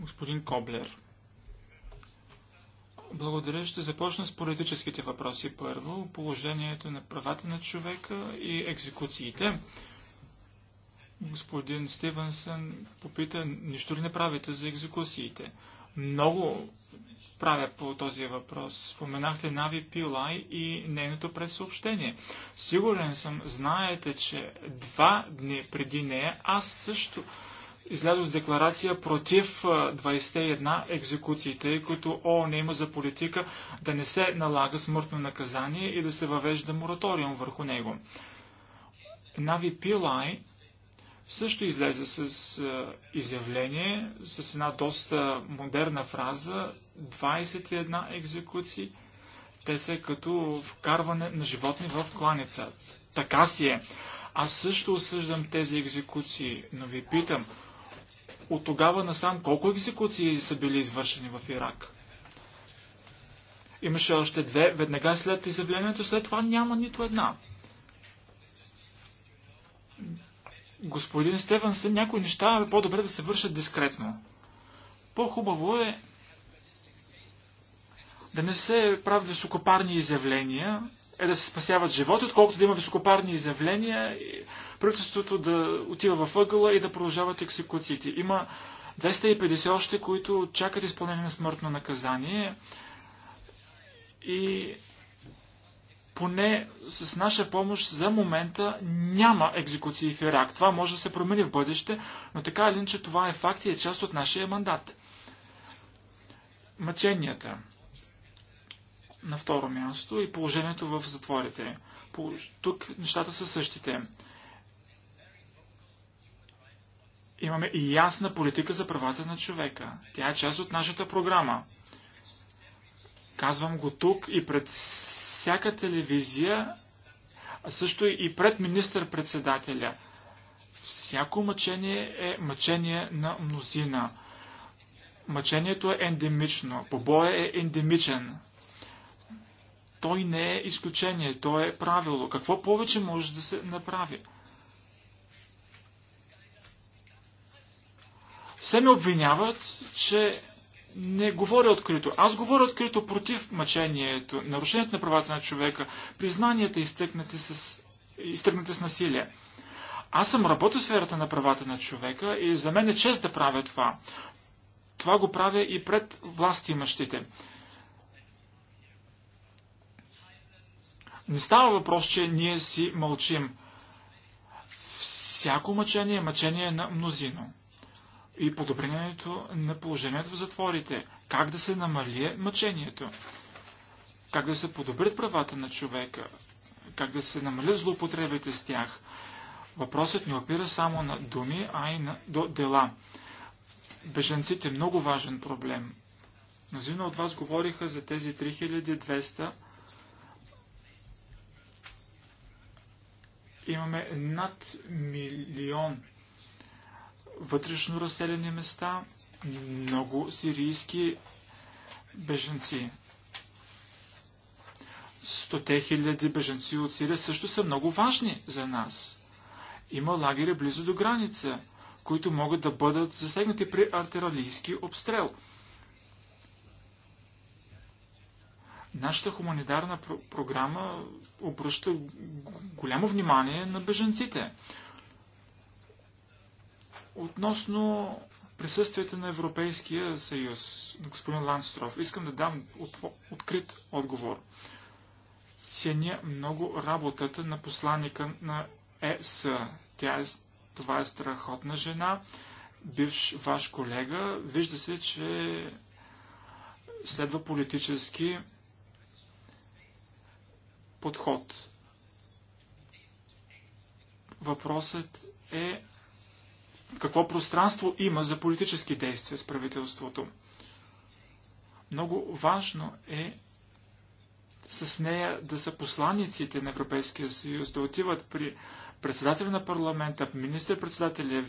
Господин Коблер. Благодаря. Ще започна с политическите въпроси първо. Положението на правата на човека и екзекуциите. Господин Стивенсън попита, нищо ли не правите за екзекуциите? Много правя по този въпрос. Споменахте Нави Пилай и нейното предсъобщение. Сигурен съм, знаете, че два дни преди нея аз също излязо с декларация против 21 екзекуции, тъй като ООН има за политика да не се налага смъртно наказание и да се въвежда мораториум върху него. Нави Пилай също излезе с изявление, с една доста модерна фраза 21 екзекуции. Те са като вкарване на животни в кланица. Така си е. Аз също осъждам тези екзекуции, но ви питам, от тогава насам колко екзекуции са били извършени в Ирак? Имаше още две, веднага след изявлението, след това няма нито една. Господин Стефансън, някои неща е по-добре да се вършат дискретно. По-хубаво е да не се правят високопарни изявления, е да се спасяват животи, отколкото да има високопарни изявления, правителството да отива във ъгъла и да продължават екзекуциите. Има 250 още, които чакат изпълнение на смъртно наказание и поне с наша помощ за момента няма екзекуции в Ирак. Това може да се промени в бъдеще, но така или иначе това е факт и е част от нашия мандат. Мъченията – на второ място и положението в затворите. Тук нещата са същите. Имаме и ясна политика за правата на човека. Тя е част от нашата програма. Казвам го тук и пред всяка телевизия, а също и пред министър-председателя. Всяко мъчение е мъчение на мнозина. Мъчението е ендемично. Побоя е ендемичен. Той не е изключение, то е правило. Какво повече може да се направи? Все ме обвиняват, че не говоря открито. Аз говоря открито против мъчението, нарушението на правата на човека, признанията изтъкнати с, изтъкнати с насилие. Аз съм работил в сферата на правата на човека и за мен е чест да правя това. Това го правя и пред власти имащите. Не става въпрос, че ние си мълчим. Всяко мъчение е мъчение на мнозино. И подобрението на положението в затворите. Как да се намали мъчението? Как да се подобрят правата на човека? Как да се намалят злоупотребите с тях? Въпросът не опира само на думи, а и на, до дела. Беженците – много важен проблем. Мнозина от вас говориха за тези 3200 имаме над милион вътрешно разселени места, много сирийски беженци. Стоте хиляди беженци от Сирия също са много важни за нас. Има лагери близо до граница, които могат да бъдат засегнати при артералийски обстрел – Нашата хуманитарна пр програма обръща голямо внимание на беженците. Относно присъствието на Европейския съюз, господин Ланстров, искам да дам от, открит отговор. Ценя много работата на посланника на ЕС. Тя е, това е страхотна жена, бивш ваш колега. Вижда се, че следва политически подход. Въпросът е какво пространство има за политически действия с правителството. Много важно е с нея да са посланиците на Европейския съюз, да отиват при председателя на парламента, министър-председателя,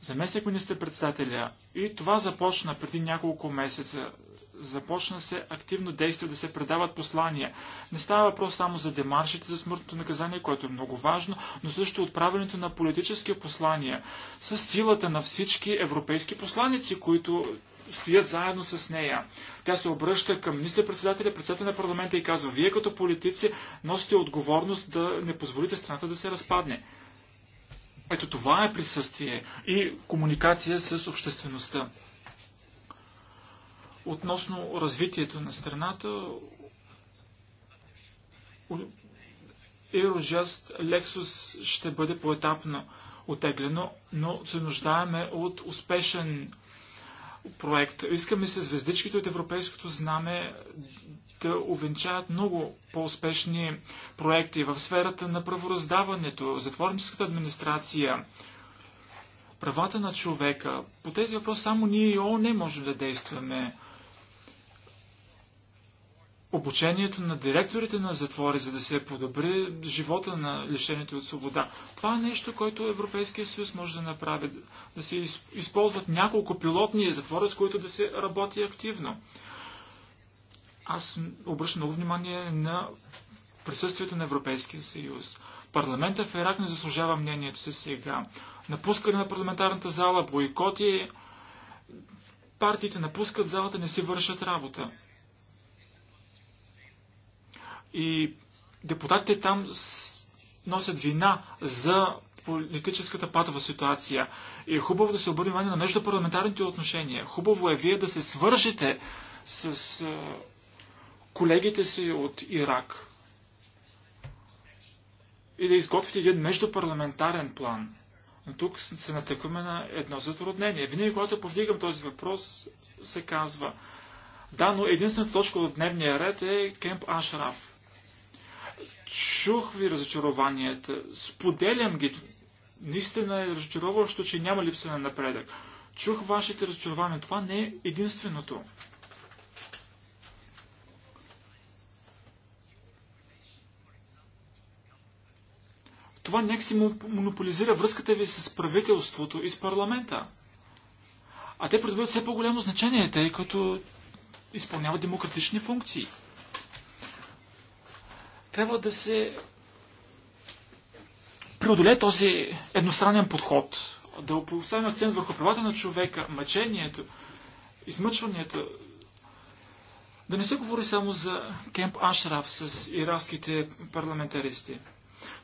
заместник министър-председателя. И това започна преди няколко месеца започна се активно действие да се предават послания. Не става въпрос само за демаршите за смъртното наказание, което е много важно, но също отправянето на политически послания с силата на всички европейски посланици, които стоят заедно с нея. Тя се обръща към министър-председателя, председателя на парламента и казва, вие като политици носите отговорност да не позволите страната да се разпадне. Ето това е присъствие и комуникация с обществеността относно развитието на страната. Eurojust Lexus ще бъде поетапно отеглено, но се нуждаеме от успешен проект. Искаме се звездичките от европейското знаме да увенчаят много по-успешни проекти в сферата на правораздаването, затворническата администрация, правата на човека. По тези въпроси само ние и ООН не можем да действаме обучението на директорите на затвори, за да се подобри живота на лишените от свобода. Това е нещо, което Европейския съюз може да направи. Да се използват няколко пилотни затвори, с които да се работи активно. Аз обръщам много внимание на присъствието на Европейския съюз. Парламента в Ирак не заслужава мнението си сега. Напускане на парламентарната зала, бойкоти, партиите напускат залата, не си вършат работа. И депутатите там носят вина за политическата патова ситуация. И е хубаво да се обърне внимание на междупарламентарните отношения. Хубаво е вие да се свържете с колегите си от Ирак и да изготвите един междупарламентарен план. Но тук се натъкваме на едно затруднение. Винаги, когато повдигам този въпрос, се казва, да, но единствената точка от дневния ред е Кемп Ашраф. Чух ви разочарованията, споделям ги. Наистина е разочароващо, че няма липса на напредък. Чух вашите разочарования. Това не е единственото. Това някакси монополизира връзката ви с правителството и с парламента. А те придобиват все по-голямо значение, тъй като изпълняват демократични функции. Трябва да се преодолее този едностранен подход, да поставим акцент върху правата на човека, мъчението, измъчването, да не се говори само за Кемп Ашраф с иракските парламентаристи,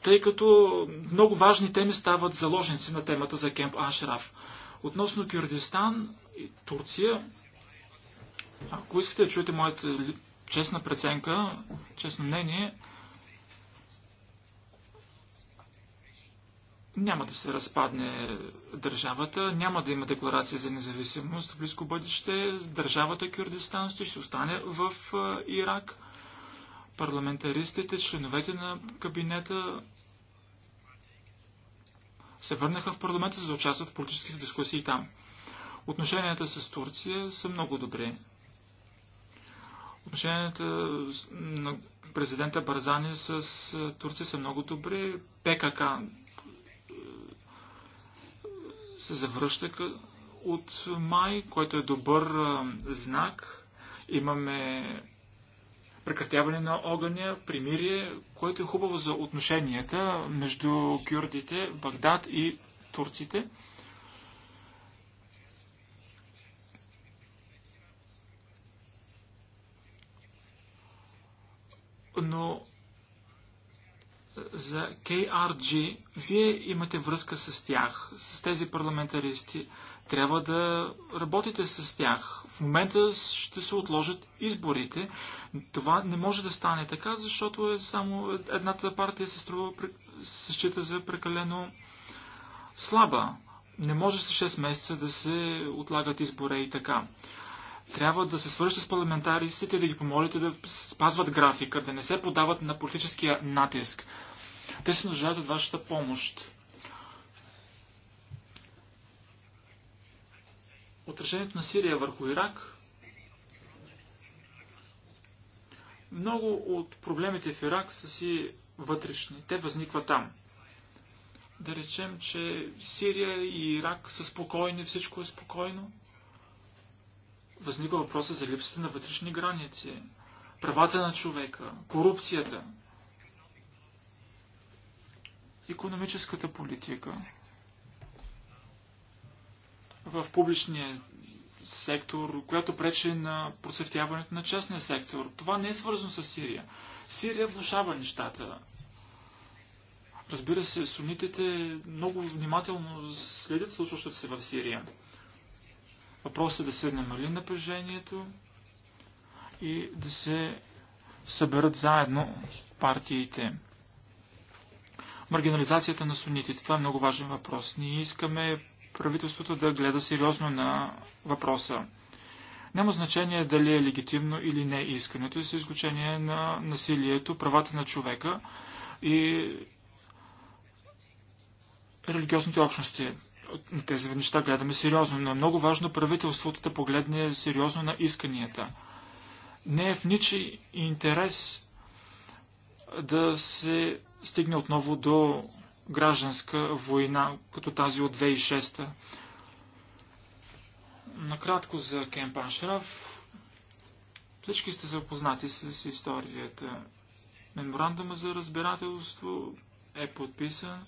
тъй като много важни теми стават заложници на темата за Кемп Ашраф. Относно Кюрдистан и Турция, ако искате да чуете моята честна преценка, честно мнение, няма да се разпадне държавата, няма да има декларация за независимост в близко бъдеще. Държавата Кюрдистан ще, ще остане в Ирак. Парламентаристите, членовете на кабинета се върнаха в парламента, за да участват в политическите дискусии там. Отношенията с Турция са много добри. Отношенията на президента Барзани с Турция са много добри. ПКК се завръща от май, който е добър знак. Имаме прекратяване на огъня, примирие, което е хубаво за отношенията между кюрдите, Багдад и турците. Но за KRG, вие имате връзка с тях, с тези парламентаристи. Трябва да работите с тях. В момента ще се отложат изборите. Това не може да стане така, защото е само едната партия се, струва, се счита за прекалено слаба. Не може с 6 месеца да се отлагат избора и така трябва да се свържете с парламентаристите, да ги помолите да спазват графика, да не се подават на политическия натиск. Те се нуждаят от вашата помощ. Отражението на Сирия върху Ирак. Много от проблемите в Ирак са си вътрешни. Те възникват там. Да речем, че Сирия и Ирак са спокойни, всичко е спокойно. Възниква въпроса за липсата на вътрешни граници, правата на човека, корупцията – економическата политика в публичния сектор, която пречи на процъфтяването на частния сектор. Това не е свързано с Сирия. Сирия влушава нещата. Разбира се, сунитите много внимателно следят случващото се в Сирия. Въпросът е да се намали напрежението и да се съберат заедно партиите маргинализацията на сунитите. Това е много важен въпрос. Ние искаме правителството да гледа сериозно на въпроса. Няма значение дали е легитимно или не е искането, с изключение на насилието, правата на човека и религиозните общности. На тези неща гледаме сериозно, но е много важно правителството да погледне сериозно на исканията. Не е в ничи интерес да се стигне отново до гражданска война, като тази от 2006-та. Накратко за Кемп Ашраф. Всички сте запознати с историята. Меморандума за разбирателство е подписан,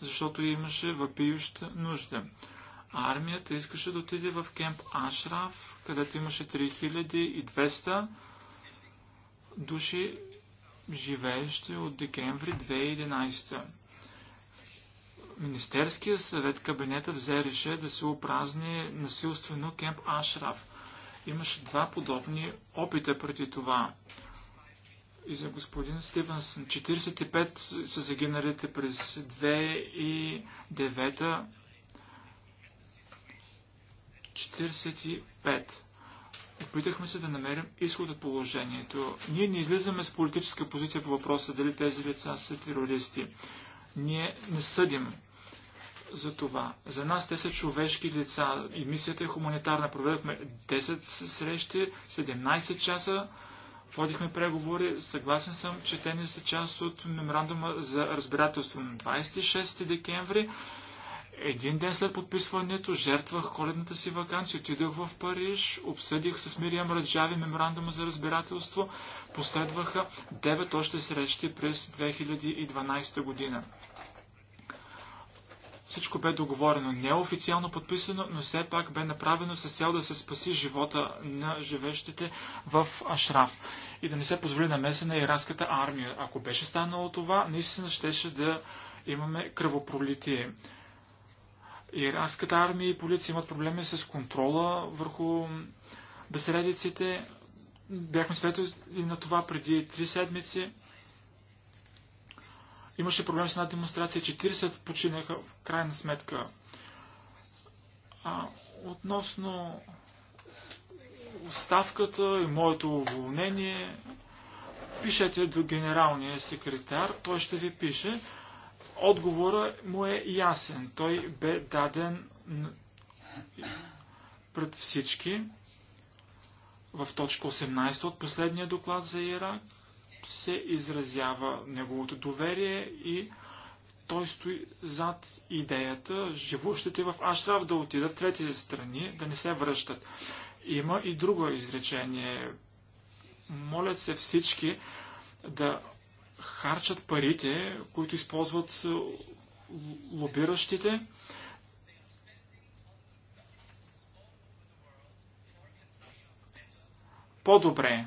защото имаше въпиюща нужда. Армията искаше да отиде в Кемп Ашраф, където имаше 3200 души живеещи от декември 2011. Министерския съвет кабинета взе реше да се опразни насилствено кемп Ашраф. Имаше два подобни опита преди това. И за господин Стивенсън, 45 са загиналите през 2009 45. Опитахме се да намерим изход от положението. Ние не излизаме с политическа позиция по въпроса дали тези лица са терористи. Ние не съдим за това. За нас те са човешки лица и мисията е хуманитарна. Проведохме 10 срещи, 17 часа, водихме преговори. Съгласен съм, че те не са част от меморандума за разбирателство на 26 декември. Един ден след подписването жертвах коледната си вакансия, отидох в Париж, обсъдих с Мирием Раджави меморандума за разбирателство. Последваха 9 още срещи през 2012 година. Всичко бе договорено, не е официално подписано, но все пак бе направено с цел да се спаси живота на живещите в Ашраф и да не се позволи намеса на иранската армия. Ако беше станало това, наистина щеше да имаме кръвопролитие. Иранската армия и полиция имат проблеми с контрола върху безредиците. Бяхме свидетели на това преди три седмици. Имаше проблем с една демонстрация. 40 починаха в крайна сметка. А, относно оставката и моето уволнение, пишете до генералния секретар. Той ще ви пише. Отговора му е ясен. Той бе даден пред всички в точка 18 от последния доклад за Ирак се изразява неговото доверие и той стои зад идеята живущите в Ашраф да отидат в трети страни, да не се връщат. Има и друго изречение. Молят се всички да харчат парите, които използват е, лобиращите. По-добре.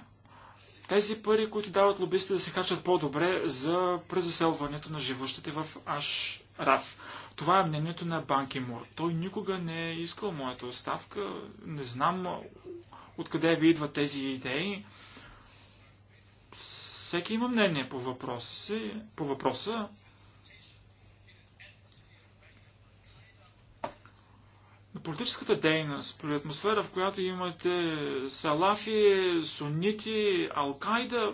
Тези пари, които дават лобистите да се харчат по-добре за презаселването на живущите в Ашраф. Това е мнението на Банки Мур. Той никога не е искал моята оставка. Не знам е, откъде ви идват тези идеи. Всеки има мнение по въпроса си, по въпроса. Но политическата дейност, при атмосфера, в която имате салафи, сунити, алкайда,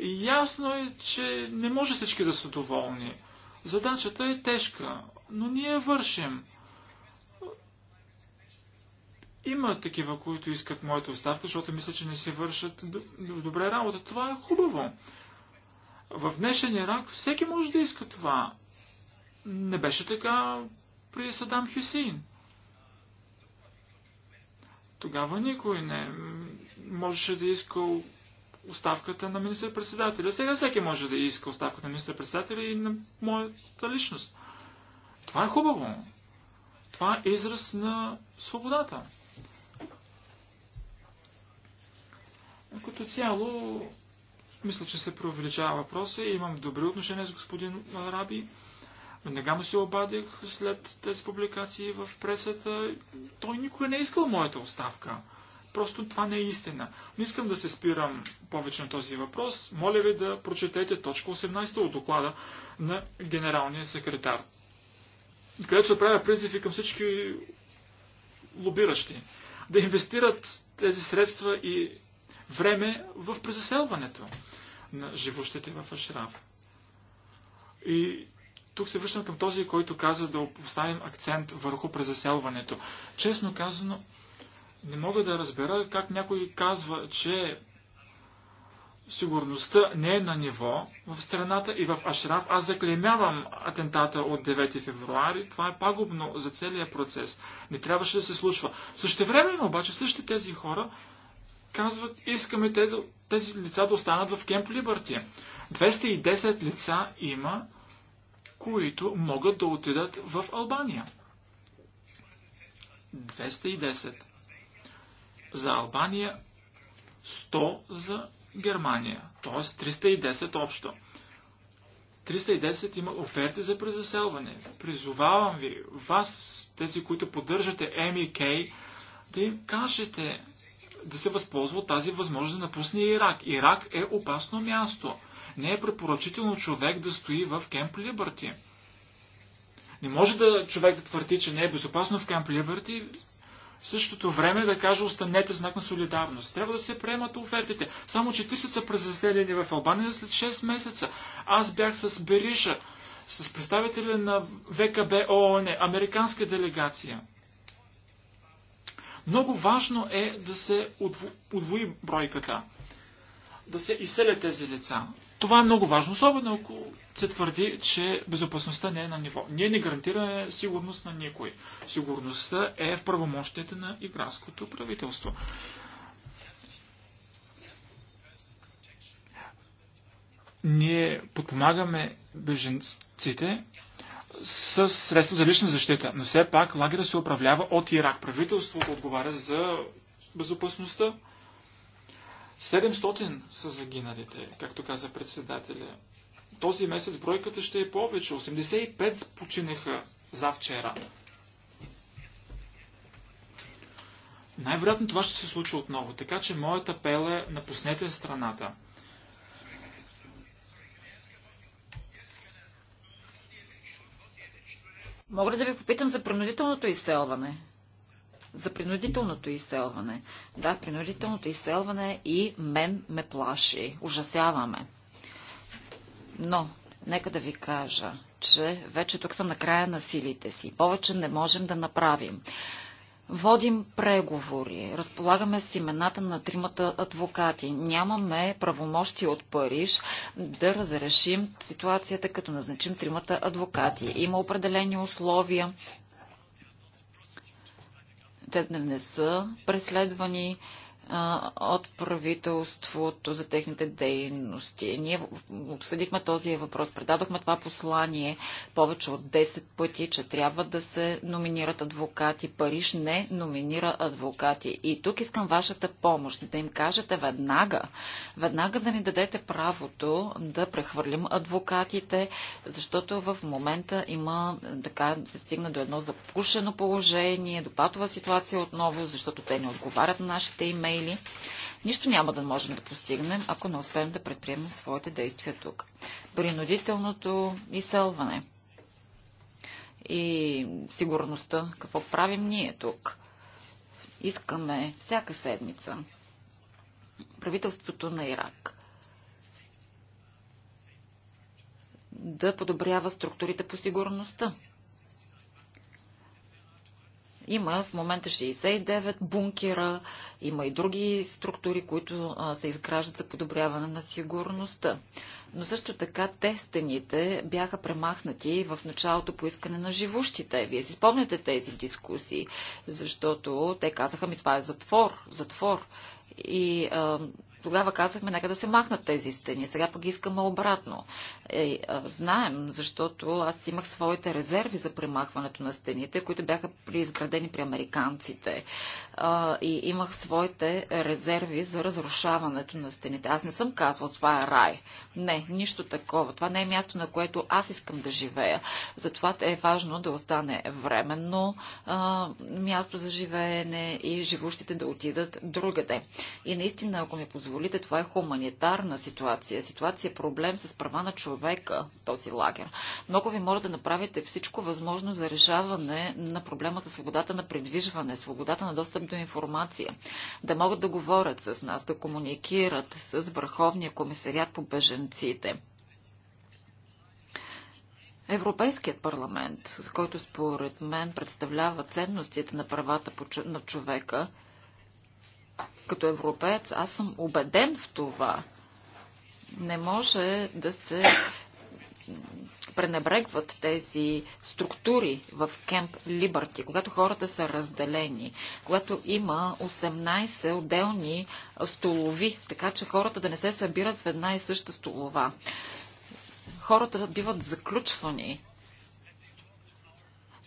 ясно е, че не може всички да са доволни. Задачата е тежка, но ние вършим. Има такива, които искат моята оставка, защото мисля, че не си вършат добре работа. Това е хубаво. В днешен Ирак всеки може да иска това. Не беше така при Садам Хюсейн. Тогава никой не можеше да иска оставката на министър-председателя. Сега всеки може да иска оставката на министър-председателя и на моята личност. Това е хубаво. Това е израз на свободата. Като цяло, мисля, че се преувеличава въпроса и имам добри отношения с господин Раби. Веднага му се обадих след тези публикации в пресата. Той никога не е искал моята оставка. Просто това не е истина. Не искам да се спирам повече на този въпрос. Моля ви да прочетете точка 18 от доклада на генералния секретар, където се правя и към всички лобиращи да инвестират тези средства и време в презаселването на живущите в Ашраф. И тук се връщам към този, който каза да поставим акцент върху презаселването. Честно казано, не мога да разбера как някой казва, че сигурността не е на ниво в страната и в Ашраф. Аз заклемявам атентата от 9 февруари. Това е пагубно за целия процес. Не трябваше да се случва. време, обаче същите тези хора казват, искаме те, тези лица да останат в Кемп Либърти. 210 лица има, които могат да отидат в Албания. 210 за Албания, 100 за Германия, т.е. 310 общо. 310 има оферти за презаселване. Призовавам ви, вас, тези, които поддържате МИК, да им кажете, да се възползва от тази възможност да напусне Ирак. Ирак е опасно място. Не е препоръчително човек да стои в Кемп Либърти. Не може да човек да твърди, че не е безопасно в Кемп Либърти, в същото време да каже останете знак на солидарност. Трябва да се приемат офертите. Само 40 са презаселени в Албания след 6 месеца. Аз бях с Бериша, с представителя на ВКБ ООН, американска делегация – много важно е да се отвои бройката, да се изселят тези лица. Това е много важно, особено ако се твърди, че безопасността не е на ниво. Ние не гарантираме сигурност на никой. Сигурността е в правомощите на иградското правителство. Ние подпомагаме беженците, с средства за лична защита. Но все пак лагерът се управлява от Ирак. Правителството отговаря за безопасността. 700 са загиналите, както каза председателя. Този месец бройката ще е повече. 85 починаха завчера. Най-вероятно това ще се случи отново, така че моят апел е напуснете страната. Мога ли да ви попитам за принудителното изселване? За принудителното изселване. Да, принудителното изселване и мен ме плаши. Ужасяваме. Но, нека да ви кажа, че вече тук съм на края на силите си. Повече не можем да направим. Водим преговори, разполагаме с имената на тримата адвокати. Нямаме правомощи от Париж да разрешим ситуацията, като назначим тримата адвокати. Има определени условия. Те не са преследвани а, от правителството за техните дейности. Ние обсъдихме този въпрос, предадохме това послание повече от 10 пъти, че трябва да се номинират адвокати. Париж не номинира адвокати. И тук искам вашата помощ, да им кажете веднага, веднага да ни дадете правото да прехвърлим адвокатите, защото в момента има така се стигна до едно запушено положение, до патова ситуация отново, защото те не отговарят на нашите имейли сили, нищо няма да можем да постигнем, ако не успеем да предприемем своите действия тук. Принудителното изселване и сигурността, какво правим ние тук. Искаме всяка седмица правителството на Ирак да подобрява структурите по сигурността. Има в момента 69 бункера, има и други структури, които се изграждат за подобряване на сигурността. Но също така те стените бяха премахнати в началото по искане на живущите. Вие си спомняте тези дискусии, защото те казаха ми това е затвор, затвор. И а, тогава казахме, нека да се махнат тези стени. Сега пък искаме обратно. Е, знаем, защото аз имах своите резерви за премахването на стените, които бяха изградени при американците. Е, и имах своите резерви за разрушаването на стените. Аз не съм казвал, това е рай. Не, нищо такова. Това не е място, на което аз искам да живея. Затова е важно да остане временно е, място за живеене и живущите да отидат другаде. И наистина, ако ми позволите, позволите, това е хуманитарна ситуация. Ситуация е проблем с права на човека, този лагер. Много ви моля да направите всичко възможно за решаване на проблема с свободата на предвижване, свободата на достъп до информация, да могат да говорят с нас, да комуникират с Върховния комисариат по беженците. Европейският парламент, който според мен представлява ценностите на правата на човека, като европеец, аз съм убеден в това. Не може да се пренебрегват тези структури в Кемп Либърти, когато хората са разделени, когато има 18 отделни столови, така че хората да не се събират в една и съща столова. Хората биват заключвани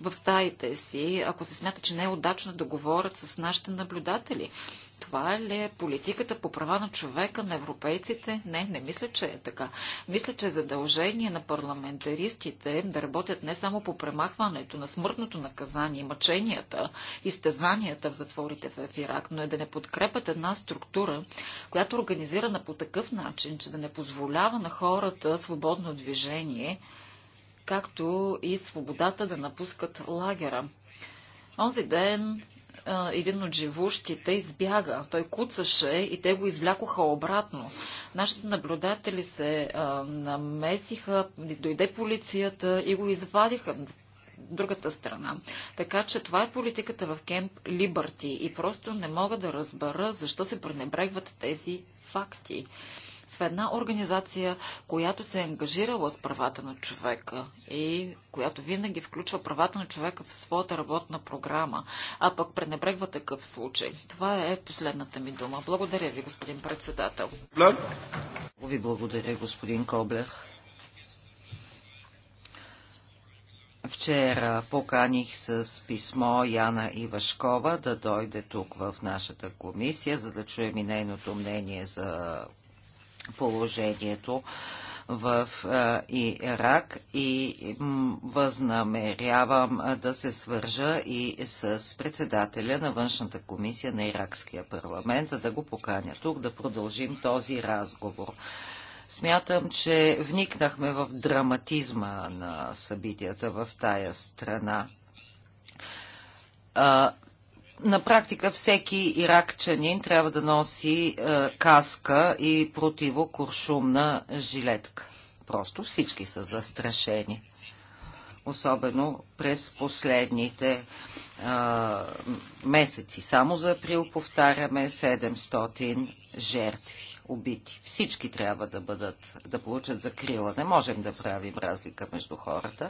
в стаите си, ако се смята, че не е удачно да говорят с нашите наблюдатели. Това ли е политиката по права на човека, на европейците? Не, не мисля, че е така. Мисля, че е задължение на парламентаристите е да работят не само по премахването на смъртното наказание, мъченията, изтезанията в затворите в Ирак, но и е да не подкрепят една структура, която е организирана по такъв начин, че да не позволява на хората свободно движение, както и свободата да напускат лагера. Онзи ден а, един от живущите избяга. Той куцаше и те го извлякоха обратно. Нашите наблюдатели се а, намесиха, дойде полицията и го извадиха другата страна. Така че това е политиката в Кемп Либърти и просто не мога да разбера защо се пренебрегват тези факти в една организация, която се е ангажирала с правата на човека и която винаги включва правата на човека в своята работна програма, а пък пренебрегва такъв случай. Това е последната ми дума. Благодаря ви, господин председател. Ви благодаря, господин Коблех. Вчера поканих с писмо Яна Ивашкова да дойде тук в нашата комисия, за да чуем и нейното мнение за положението в Ирак и възнамерявам да се свържа и с председателя на външната комисия на Иракския парламент, за да го поканя тук да продължим този разговор. Смятам, че вникнахме в драматизма на събитията в тая страна. На практика всеки иракчанин трябва да носи е, каска и противокуршумна жилетка. Просто всички са застрашени. Особено през последните е, месеци. Само за април повтаряме 700 жертви убити. Всички трябва да бъдат, да получат закрила. Не можем да правим разлика между хората.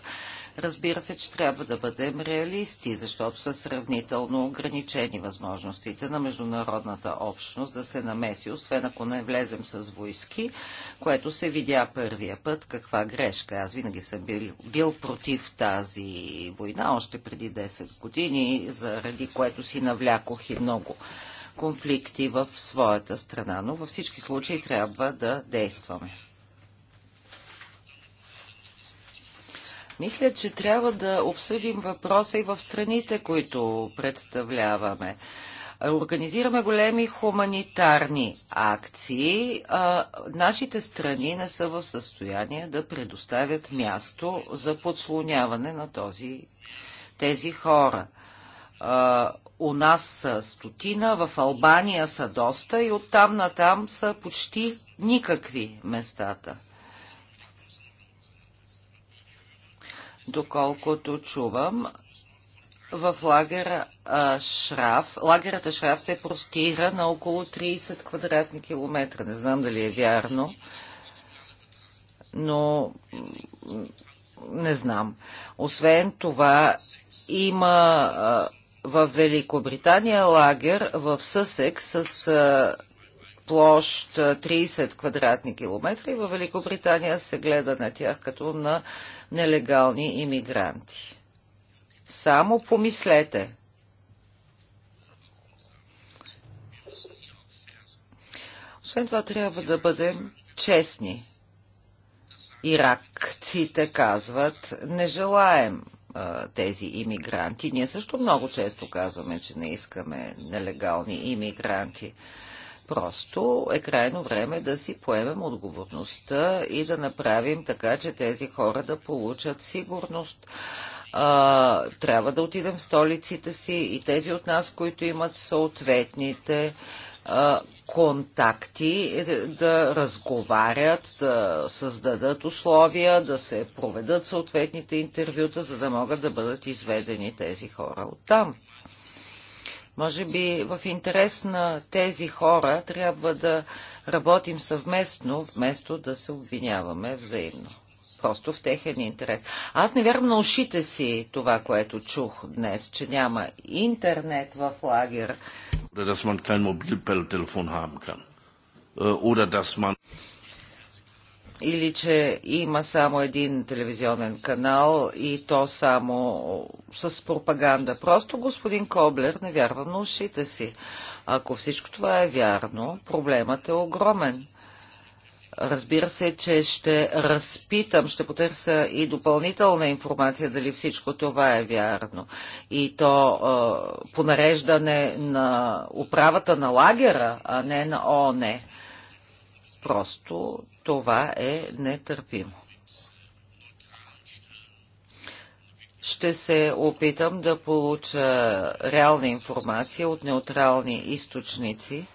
Разбира се, че трябва да бъдем реалисти, защото са сравнително ограничени възможностите на международната общност да се намеси, освен ако не влезем с войски, което се видя първия път, каква грешка. Аз винаги съм бил, бил против тази война, още преди 10 години, заради което си навлякох и много конфликти в своята страна, но във всички случаи трябва да действаме. Мисля, че трябва да обсъдим въпроса и в страните, които представляваме. Организираме големи хуманитарни акции. А, нашите страни не са в състояние да предоставят място за подслоняване на този, тези хора. А, у нас са стотина, в Албания са доста и оттам на там са почти никакви местата. Доколкото чувам, в лагера Шраф, лагерата Шраф се простира на около 30 квадратни километра. Не знам дали е вярно, но не знам. Освен това, има в Великобритания лагер в Съсек с площ 30 квадратни километра и в Великобритания се гледа на тях като на нелегални иммигранти. Само помислете. Освен това трябва да бъдем честни. Иракците казват, не желаем тези иммигранти. Ние също много често казваме, че не искаме нелегални иммигранти. Просто е крайно време да си поемем отговорността и да направим така, че тези хора да получат сигурност. А, трябва да отидем в столиците си и тези от нас, които имат съответните а, контакти, е, да разговарят, да създадат условия, да се проведат съответните интервюта, за да могат да бъдат изведени тези хора оттам. Може би в интерес на тези хора трябва да работим съвместно, вместо да се обвиняваме взаимно. Просто в техен интерес. Аз не вярвам на ушите си това, което чух днес, че няма интернет в лагер oder dass man kein Mobiltelefon haben kann. Äh, oder dass man или че има само един телевизионен канал и то само с пропаганда. Просто господин Коблер не вярва на ушите си. Ако всичко това е вярно, проблемът е огромен. Разбира се, че ще разпитам, ще потърся и допълнителна информация дали всичко това е вярно. И то е, по нареждане на управата на лагера, а не на ОНЕ. Просто това е нетърпимо. Ще се опитам да получа реална информация от неутрални източници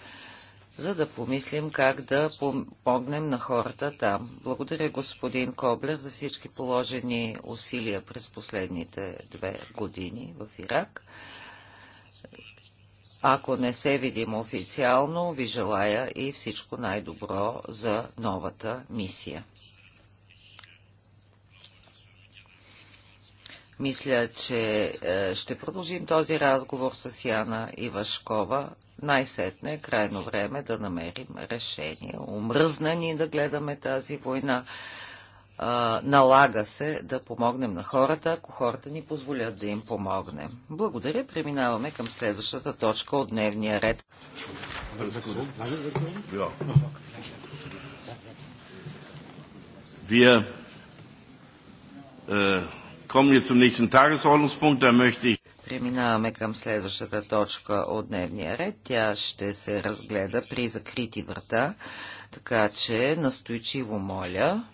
за да помислим как да помогнем на хората там. Благодаря господин Коблер за всички положени усилия през последните две години в Ирак. Ако не се видим официално, ви желая и всичко най-добро за новата мисия. Мисля, че е, ще продължим този разговор с Яна Ивашкова, най-сетне е крайно време да намерим решение. Умръзна ни да гледаме тази война. А, налага се да помогнем на хората, ако хората ни позволят да им помогнем. Благодаря. Преминаваме към следващата точка от дневния ред. Вие äh, kommen jetzt zum nächsten Tagesordnungspunkt. Da möchte ich преминаваме към следващата точка от дневния ред. Тя ще се разгледа при закрити врата, така че настойчиво моля